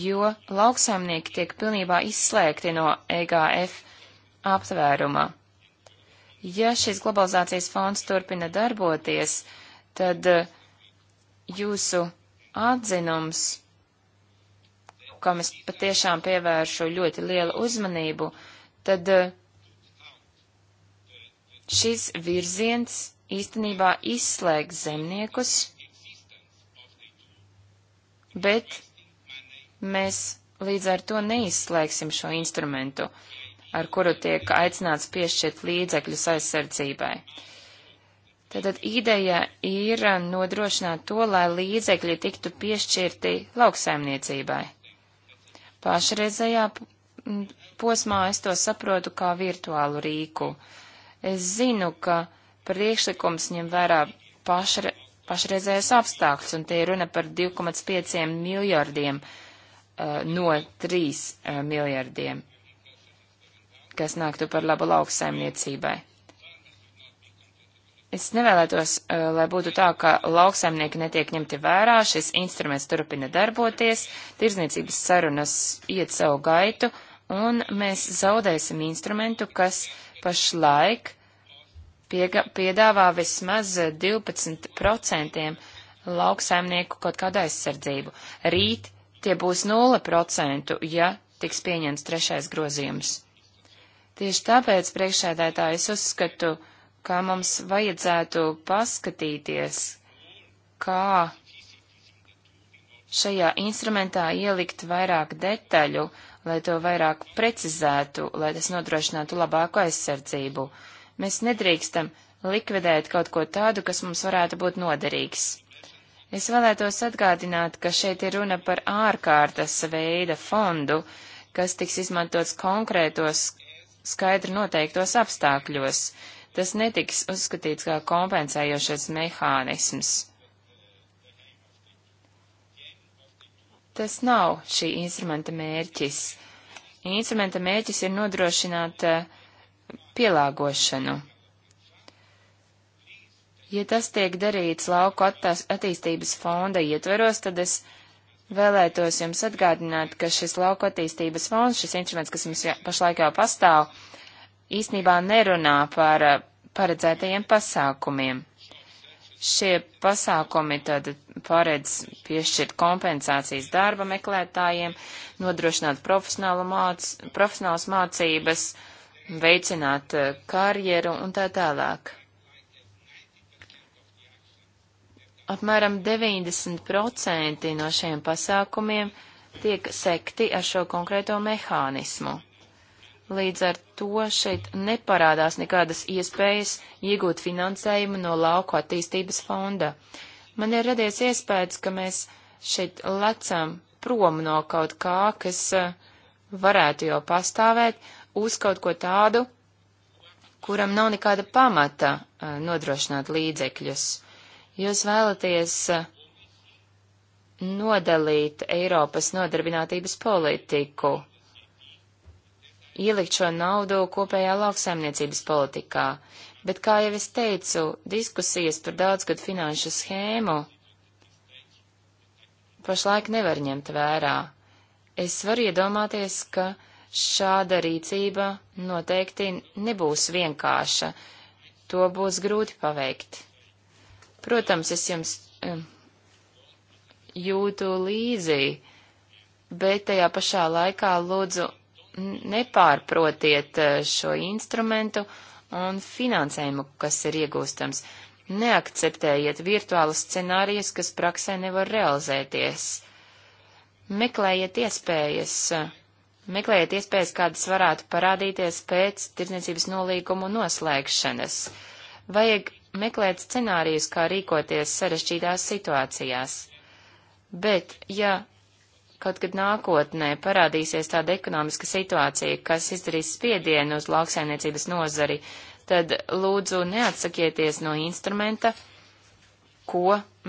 jo lauksaimnieki tiek pilnībā izslēgti no EGF aptvēruma. Ja šis globalizācijas fonds turpina darboties, tad eh, jūsu atzinums, kam es patiešām pievēršu ļoti lielu uzmanību, tad eh, šis virziens īstenībā izslēg zemniekus, bet mēs līdz ar to neizslēgsim šo instrumentu. Uh, ar kuru tiek aicināts piešķirt līdzekļus aizsardzībai. Tātad ideja ir nodrošināt to, lai līdzekļi tiktu piešķirti lauksaimniecībai. Pašreizējā posmā es to saprotu kā virtuālu rīku. Es zinu, ka priekšlikums ņem vērā pašre, pašreizējais apstākļus, un te ir runa par 2,5 miljardiem uh, no 3 uh, eh, miljardiem kas nāktu par labu lauksaimniecībai. Es nevēlētos, eh, lai būtu tā, ka lauksaimnieki netiek ņemti vērā, šis instruments turpina darboties, tirzniecības sarunas iet savu gaitu, un mēs zaudēsim instrumentu, kas pašlaik piega, piedāvā vismaz 12% lauksaimnieku kaut kādu aizsardzību. Rīt tie būs 0%, ja tiks pieņemts trešais grozījums. Tieši tāpēc, priekšēdētāji, es uzskatu, ka mums vajadzētu paskatīties, kā šajā instrumentā ielikt vairāk detaļu, lai to vairāk precizētu, lai tas nodrošinātu labāku aizsardzību. Mēs nedrīkstam likvidēt kaut ko tādu, kas mums varētu būt noderīgs. Es vēlētos atgādināt, ka šeit ir runa par ārkārtas veida fondu, kas tiks izmantots konkrētos skaidri noteiktos apstākļos. Tas netiks uzskatīts kā kompensējošais mehānisms. Tas nav šī instrumenta mērķis. Instrumenta mērķis ir nodrošināt eh, pielāgošanu. Ja tas tiek darīts lauku attīstības fonda ietveros, tad es Vēlētos jums atgādināt, ka šis lauku attīstības fonds, šis instruments, kas mums jā, pašlaik jau pastāv, īsnībā nerunā par uh, paredzētajiem pasākumiem. Šie pasākumi tad paredz piešķirt kompensācijas darba meklētājiem, nodrošināt māc, profesionālas mācības, veicināt uh, karjeru un tā tālāk. Apmēram 90% no šiem pasākumiem tiek sekti ar šo konkrēto mehānismu. Līdz ar to šeit neparādās nekādas iespējas iegūt finansējumu no lauku attīstības fonda. Man ir radies iespējas, ka mēs šeit lecam prom no kaut kā, kas eh, varētu jau pastāvēt, uz kaut ko tādu, kuram nav nekāda pamata eh, nodrošināt līdzekļus. Jūs vēlaties uh, nodalīt Eiropas nodarbinātības politiku, ielikt šo naudu kopējā lauksaimniecības politikā, bet, kā jau es teicu, diskusijas par daudzgad finanšu schēmu pašlaik nevar ņemt vērā. Es varu iedomāties, ka šāda rīcība noteikti nebūs vienkārša, to būs grūti paveikt. Protams, es jums jūtu līdzi, bet tajā pašā laikā lūdzu nepārprotiet eh, šo instrumentu un finansējumu, kas ir iegūstams. Neakceptējiet virtuālus scenārijus, kas praksē nevar realizēties. Meklējiet iespējas, eh, meklējiet iespējas, kādas varētu parādīties pēc tirdzniecības nolīgumu noslēgšanas. Vajag meklēt scenārijus, kā rīkoties sarežģītās situācijās. Bet, ja kaut kad nākotnē parādīsies tāda ekonomiska situācija, kas izdarīs spiedienu uz lauksaimniecības nozari, tad lūdzu neatsakieties no instrumenta, ko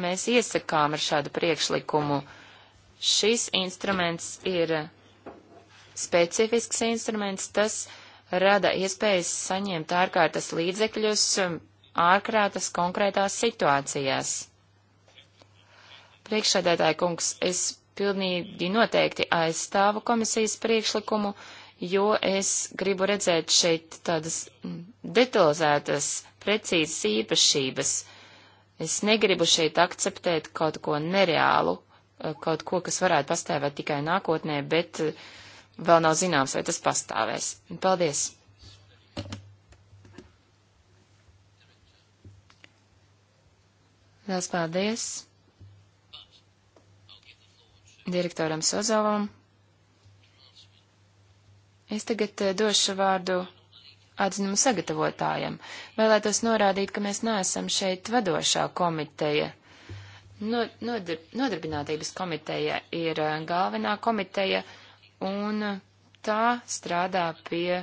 mēs iesakām ar šādu priekšlikumu. Šis instruments ir specifisks instruments, tas rada iespējas saņemt ārkārtas līdzekļus ārkrātas konkrētās situācijās. Priekšsēdētāja kungs, es pilnīgi noteikti aizstāvu komisijas priekšlikumu, jo es gribu redzēt šeit tādas detalizētas, precīzas īpašības. Es negribu šeit akceptēt kaut ko nereālu, kaut ko, kas varētu pastāvēt tikai nākotnē, bet vēl nav zināms, vai tas pastāvēs. Paldies! Liels paldies direktoram Sozovam. Es tagad eh, došu vārdu atzinumu sagatavotājam. Vēlētos norādīt, ka mēs neesam šeit vadošā komiteja. No, nodar, nodarbinātības komiteja ir eh, galvenā komiteja, un tā strādā pie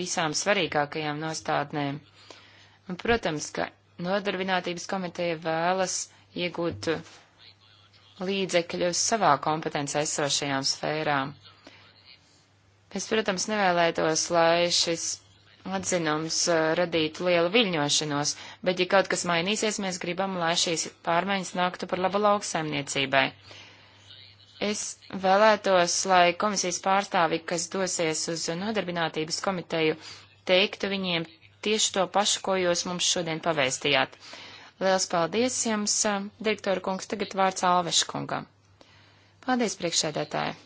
visām svarīgākajām nostādnēm. Un, protams, ka Nodarbinātības komiteja vēlas iegūt līdzekļus savā kompetencē esošajām sfērām. Es, protams, nevēlētos, lai šis atzinums uh, radītu lielu viļņošanos, bet, ja kaut kas mainīsies, mēs gribam, lai šīs pārmaiņas nāktu par labu lauksaimniecībai. Es vēlētos, lai komisijas pārstāvi, kas dosies uz nodarbinātības komiteju, teiktu viņiem tieši to pašu, ko jūs mums šodien pavēstījāt. Liels paldies jums, direktora kungs, tagad vārds Alveša kungam. Paldies, priekšēdētāji.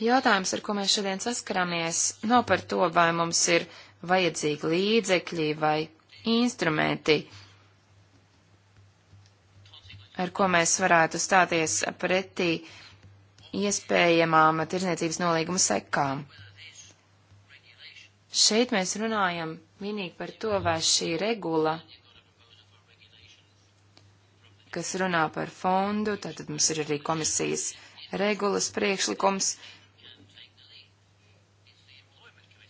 Jautājums, ar ko mēs šodien saskaramies, nav par to, vai mums ir vajadzīgi līdzekļi vai instrumenti, ar ko mēs varētu stāties pretī iespējamām tirdzniecības nolīguma sekām. Šeit mēs runājam vienīgi par to, vai šī regula, kas runā par fondu, tātad mums ir arī komisijas regulas priekšlikums,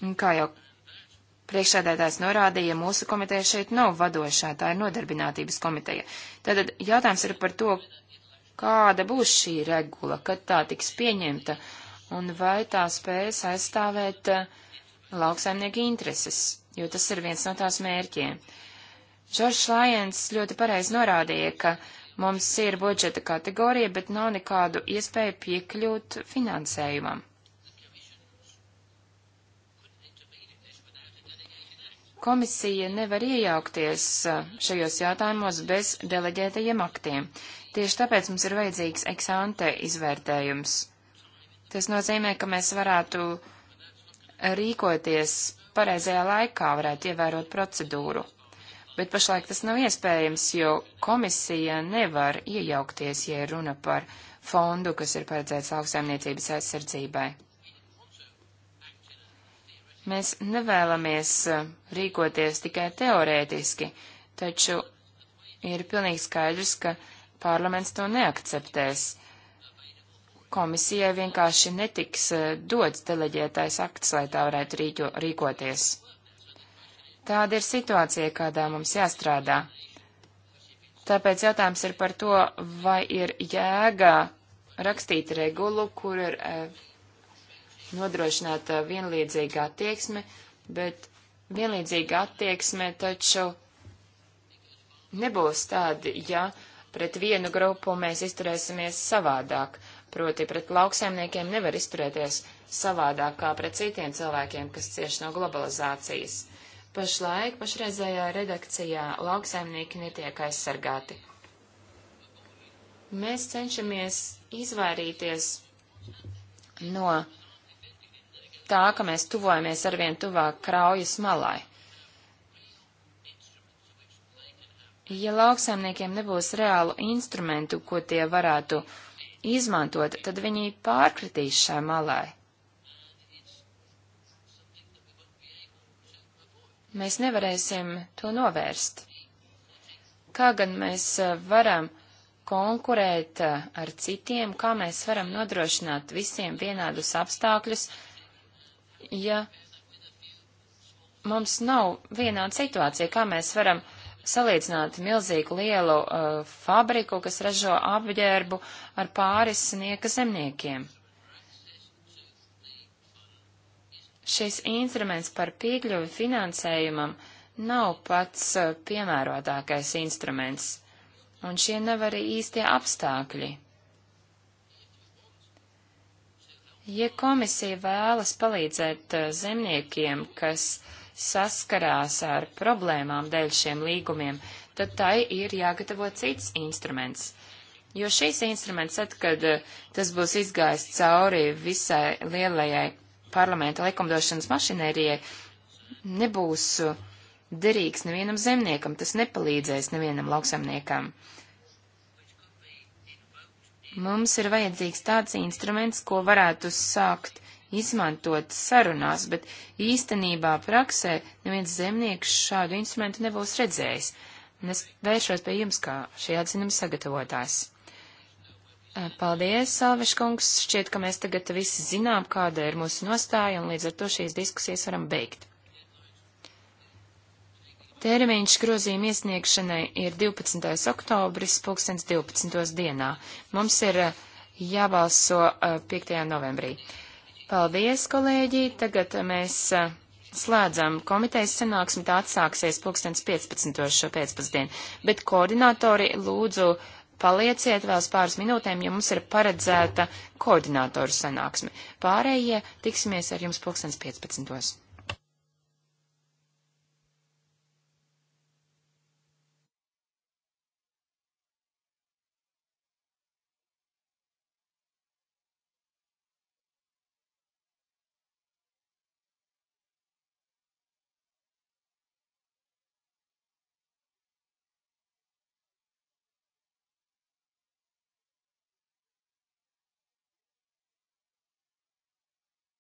un kā jau priekšsēdētājs norādīja, mūsu komiteja šeit nav vadošā, tā ir nodarbinātības komiteja. Tātad jautājums ir par to, kāda būs šī regula, kad tā tiks pieņemta, un vai tā spēs aizstāvēt uh, lauksaimnieku intereses, jo tas ir viens no tās mērķiem. Žoržs Lajens ļoti pareizi norādīja, ka mums ir budžeta kategorija, bet nav nekādu iespēju piekļūt finansējumam. Komisija nevar iejaukties eh, šajos jautājumos bez deleģētajiem aktiem. Tieši tāpēc mums ir vajadzīgs eksante izvērtējums. Tas nozīmē, ka mēs varētu uh, rīkoties pareizajā laikā, varētu ievērot procedūru. Bet pašlaik tas nav iespējams, jo komisija nevar iejaukties, ja runa par fondu, kas ir paredzēts lauksaimniecības aizsardzībai. Mēs nevēlamies eh, rīkoties tikai teorētiski, taču ir pilnīgi skaidrs, ka parlaments to neakceptēs komisijai vienkārši netiks eh, dots deleģētais akts, lai tā varētu rīķo, rīkoties. Tāda ir situācija, kādā mums jāstrādā. Tāpēc jautājums ir par to, vai ir jēga rakstīt regulu, kur ir eh, nodrošināta vienlīdzīga attieksme, bet vienlīdzīga attieksme taču nebūs tāda, ja pret vienu grupu mēs izturēsimies savādāk. Proti pret lauksaimniekiem nevar izturēties savādāk kā pret citiem cilvēkiem, kas cieš no globalizācijas. Pašlaik pašreizējā redakcijā lauksaimnieki netiek aizsargāti. Mēs cenšamies izvairīties no tā, ka mēs tuvojamies arvien tuvāk kraujas malai. Ja lauksaimniekiem nebūs reālu instrumentu, ko tie varētu uh, izmantot, tad viņi pārkritīs šai malai. Mēs nevarēsim to novērst. Kā gan mēs eh, varam konkurēt eh, ar citiem, kā mēs varam nodrošināt visiem vienādus apstākļus, ja mums nav vienāda situācija, kā mēs varam salīdzināt milzīgu lielu uh, fabriku, kas ražo apģērbu ar pāris nieka zemniekiem. Šis instruments par piekļuvi finansējumam nav pats uh, piemērotākais instruments, un šie nav arī īstie apstākļi. Ja komisija vēlas palīdzēt uh, zemniekiem, kas uh, saskarās ar problēmām dēļ šiem līgumiem, tad tai ir jāgatavo cits instruments. Jo šīs instruments, tad, kad eh, tas būs izgājis cauri visai lielajai parlamenta likumdošanas mašinērijai, nebūs eh, derīgs nevienam zemniekam, tas nepalīdzēs nevienam lauksamniekam. Mums ir vajadzīgs tāds instruments, ko varētu sākt izmantot sarunās, bet īstenībā praksē neviens zemnieks šādu instrumentu nebūs redzējis. Un es vēršos pie jums kā šī atzinuma sagatavotājs. Eh, paldies, Salveškungs. Šķiet, ka mēs tagad visi zinām, kāda ir mūsu nostāja, un līdz ar to šīs diskusijas varam beigt. Termiņš grozījuma iesniegšanai ir 12. oktobris, 2012. dienā. Mums ir eh, jābalso 5. Eh, novembrī. Paldies, kolēģi! Tagad mēs eh, slēdzam komitejas sanāksmi, tā atsāksies pulkstens 15. šo pēcpusdienu, bet koordinatori lūdzu palieciet vēl pāris minūtēm, jo mums ir paredzēta koordinatoru sanāksme. Pārējie tiksimies ar jums pulkstens 15.